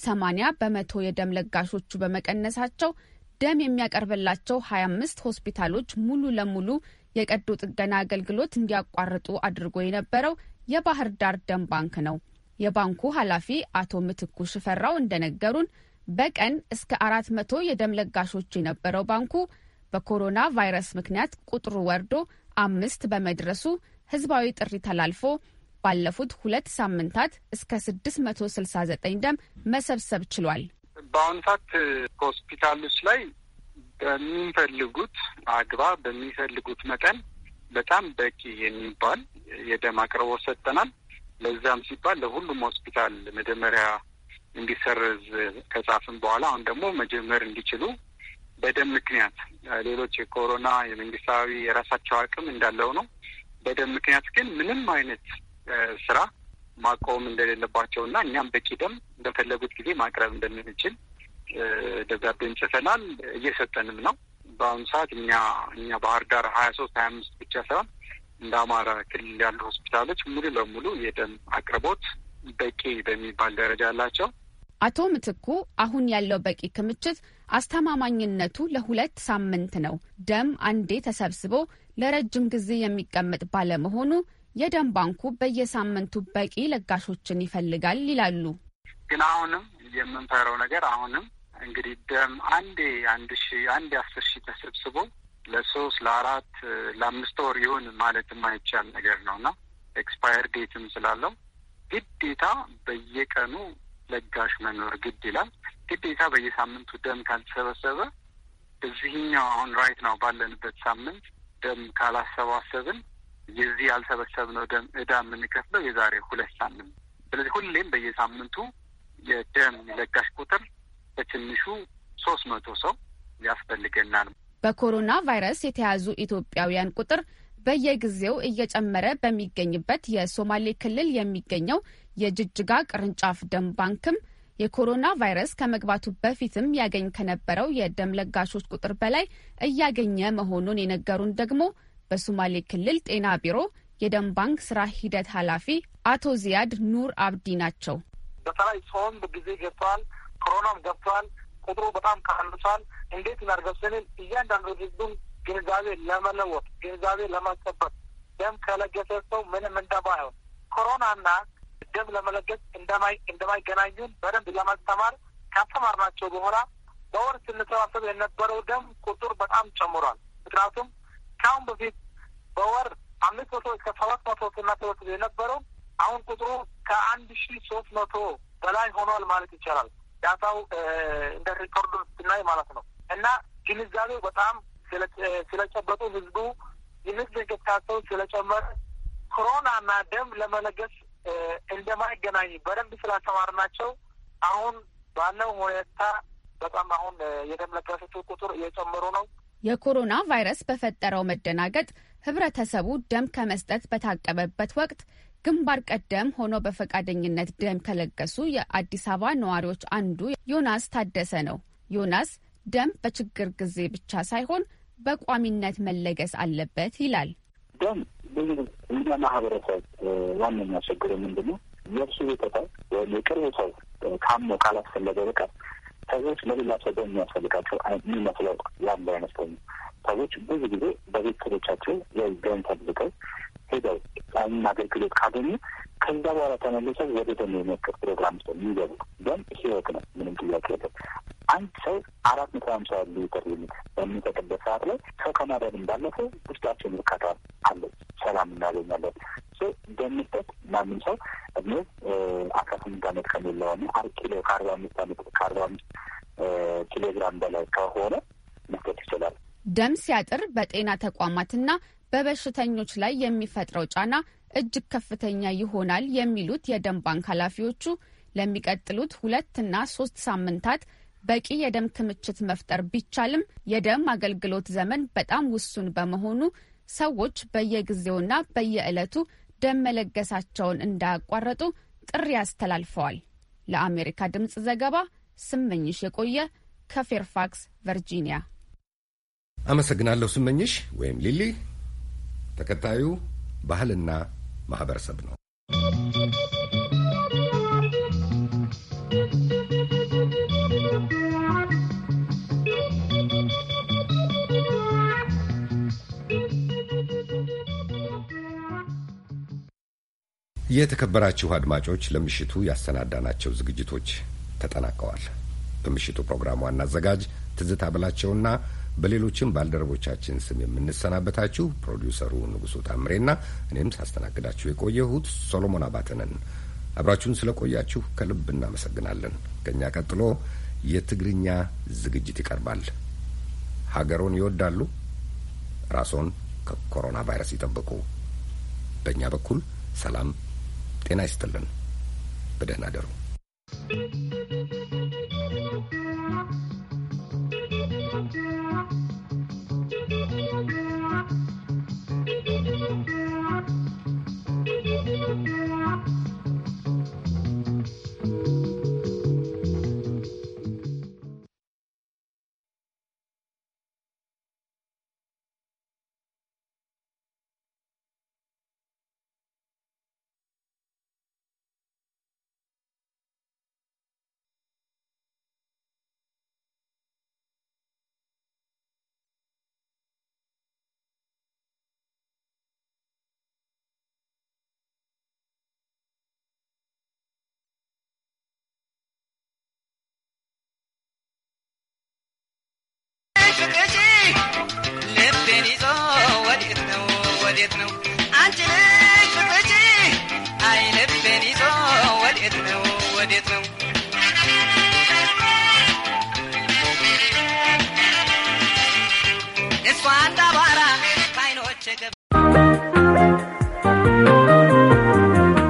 ሰማኒያ በመቶ የደም ለጋሾቹ በመቀነሳቸው ደም የሚያቀርብላቸው 25 ሆስፒታሎች ሙሉ ለሙሉ የቀዶ ጥገና አገልግሎት እንዲያቋርጡ አድርጎ የነበረው የባህር ዳር ደም ባንክ ነው። የባንኩ ኃላፊ አቶ ምትኩ ሽፈራው እንደነገሩን በቀን እስከ አራት መቶ የደም ለጋሾች የነበረው ባንኩ በኮሮና ቫይረስ ምክንያት ቁጥሩ ወርዶ አምስት በመድረሱ ህዝባዊ ጥሪ ተላልፎ ባለፉት ሁለት ሳምንታት እስከ ስድስት መቶ ስልሳ ዘጠኝ ደም መሰብሰብ ችሏል። በአሁኑ ሰዓት ሆስፒታሎች ላይ በሚፈልጉት አግባብ በሚፈልጉት መጠን በጣም በቂ የሚባል የደም አቅርቦት ሰጥተናል። ለዛም ሲባል ለሁሉም ሆስፒታል መጀመሪያ እንዲሰረዝ ከጻፍን በኋላ አሁን ደግሞ መጀመር እንዲችሉ በደም ምክንያት ሌሎች የኮሮና የመንግስታዊ የራሳቸው አቅም እንዳለው ነው። በደም ምክንያት ግን ምንም አይነት ስራ ማቆም እንደሌለባቸው እና እኛም በቂ ደም እንደፈለጉት ጊዜ ማቅረብ እንደምንችል ደብዳቤን ጽፈናል። እየሰጠንም ነው። በአሁኑ ሰዓት እኛ እኛ ባህር ዳር ሀያ ሶስት ሀያ አምስት ብቻ ሳይሆን እንደ አማራ ክልል ያሉ ሆስፒታሎች ሙሉ ለሙሉ የደም አቅርቦት በቂ በሚባል ደረጃ አላቸው። አቶ ምትኩ አሁን ያለው በቂ ክምችት አስተማማኝነቱ ለሁለት ሳምንት ነው። ደም አንዴ ተሰብስቦ ለረጅም ጊዜ የሚቀመጥ ባለመሆኑ የደም ባንኩ በየሳምንቱ በቂ ለጋሾችን ይፈልጋል ይላሉ። ግን አሁንም የምንፈረው ነገር አሁንም እንግዲህ ደም አንዴ አንድ ሺ አንድ አስር ሺ ተሰብስቦ ለሶስት ለአራት ለአምስት ወር ይሁን ማለት የማይቻል ነገር ነው እና ኤክስፓየር ዴትም ስላለው ግዴታ በየቀኑ ለጋሽ መኖር ግድ ይላል። ግዴታ በየሳምንቱ ደም ካልተሰበሰበ እዚህኛው አሁን ራይት ነው ባለንበት ሳምንት ደም ካላሰባሰብን የዚህ ያልሰበሰብነው ደም እዳ የምንከፍለው የዛሬ ሁለት ሳምንት። ስለዚህ ሁሌም በየሳምንቱ የደም ለጋሽ ቁጥር በትንሹ ሶስት መቶ ሰው ያስፈልገናል። በኮሮና ቫይረስ የተያዙ ኢትዮጵያውያን ቁጥር በየጊዜው እየጨመረ በሚገኝበት የሶማሌ ክልል የሚገኘው የጅጅጋ ቅርንጫፍ ደም ባንክም የኮሮና ቫይረስ ከመግባቱ በፊትም ያገኝ ከነበረው የደም ለጋሾች ቁጥር በላይ እያገኘ መሆኑን የነገሩን ደግሞ በሶማሌ ክልል ጤና ቢሮ የደም ባንክ ስራ ሂደት ኃላፊ አቶ ዚያድ ኑር አብዲ ናቸው። በተለይ ጾም ጊዜ ገብቷል፣ ኮሮናም ገብቷል። ቁጥሩ በጣም ቀንሷል። እንዴት እናድርገው ስንል እያንዳንዱ ህዝቡን ግንዛቤ ለመለወጥ ግንዛቤ ለማስጠበቅ ደም ከለገሰ ሰው ምንም እንደማይሆን ኮሮናና ደም ለመለገስ እንደማይገናኙን በደንብ ለማስተማር ካስተማርናቸው በኋላ በወር ስንሰባሰብ የነበረው ደም ቁጥር በጣም ጨምሯል። ምክንያቱም ከአሁን በፊት በወር አምስት መቶ እስከ ሰባት መቶ ስናሰበስብ የነበረው አሁን ቁጥሩ ከአንድ ሺ ሶስት መቶ በላይ ሆኗል ማለት ይቻላል። ዳታው እንደ ሪኮርዱ ስናይ ማለት ነው እና ግንዛቤ በጣም ስለጨበጡ ህዝቡ የህዝብ እንቅስቃሴው ስለጨመረ ኮሮናና ደም ለመለገስ እንደማይገናኝ በደንብ ናቸው። አሁን ባለው ሁኔታ በጣም አሁን የደም ለጋሾቹ ቁጥር እየጨመሩ ነው። የኮሮና ቫይረስ በፈጠረው መደናገጥ ህብረተሰቡ ደም ከመስጠት በታቀበበት ወቅት ግንባር ቀደም ሆኖ በፈቃደኝነት ደም ከለገሱ የአዲስ አበባ ነዋሪዎች አንዱ ዮናስ ታደሰ ነው። ዮናስ ደም በችግር ጊዜ ብቻ ሳይሆን በቋሚነት መለገስ አለበት ይላል። ደም ብዙ እኛ ማህበረሰብ ዋነኛ ችግር ምንድን ነው? የእሱ ቤተሰብ ወይም የቅርብ ሰው ካሞ ካላስፈለገ በቀር ሰዎች ለሌላ ሰው ደም የሚያስፈልጋቸው የሚመስለው ያለ አይመስለኝም። ሰዎች ብዙ ጊዜ በቤተሰቦቻቸው የደም ተብልቀው ሄደው ያን አገልግሎት ካገኙ ከዛ በኋላ ተመልሰው ወደ ደም የመክር ፕሮግራም ውስጥ የሚገቡ ደም ህይወት ነው። ምንም ጥያቄ የለም። አንድ ሰው አራት መቶ ሀምሳ ያሉ ሊትር በሚሰጥበት ሰዓት ላይ ሰው ከማዳንም ባለፈው ውስጣቸው እርካታ አለ፣ ሰላም እናገኛለን። ደም ማንም ሰው እድሜ አስራ ስምንት አመት ከሚለሆነ አር ኪሎ ከአርባ አምስት አመት ከአርባ አምስት ኪሎግራም በላይ ከሆነ መስጠት ይችላል። ደም ሲያጥር በጤና ተቋማትና በበሽተኞች ላይ የሚፈጥረው ጫና እጅግ ከፍተኛ ይሆናል የሚሉት የደም ባንክ ኃላፊዎቹ ለሚቀጥሉት ሁለትና ሶስት ሳምንታት በቂ የደም ክምችት መፍጠር ቢቻልም የደም አገልግሎት ዘመን በጣም ውሱን በመሆኑ ሰዎች በየጊዜውና በየዕለቱ ደም መለገሳቸውን እንዳያቋረጡ ጥሪ አስተላልፈዋል። ለአሜሪካ ድምፅ ዘገባ ስመኝሽ የቆየ ከፌርፋክስ ቨርጂኒያ። አመሰግናለሁ ስመኝሽ ወይም ሊሊ። ተከታዩ ባህልና ማህበረሰብ ነው። የተከበራችሁ አድማጮች ለምሽቱ ያሰናዳናቸው ዝግጅቶች ተጠናቀዋል። በምሽቱ ፕሮግራም ዋና አዘጋጅ ትዝታ ብላቸውና በሌሎችም ባልደረቦቻችን ስም የምንሰናበታችሁ ፕሮዲውሰሩ ንጉሱ ታምሬና እኔም ሳስተናግዳችሁ የቆየሁት ሶሎሞን አባተነን። አብራችሁን ስለቆያችሁ ከልብ እናመሰግናለን። ከእኛ ቀጥሎ የትግርኛ ዝግጅት ይቀርባል። ሀገሮን ይወዳሉ፣ ራስዎን ከኮሮና ቫይረስ ይጠብቁ። በእኛ በኩል ሰላም ጤና ይስጥልን። በደህና አደሩ።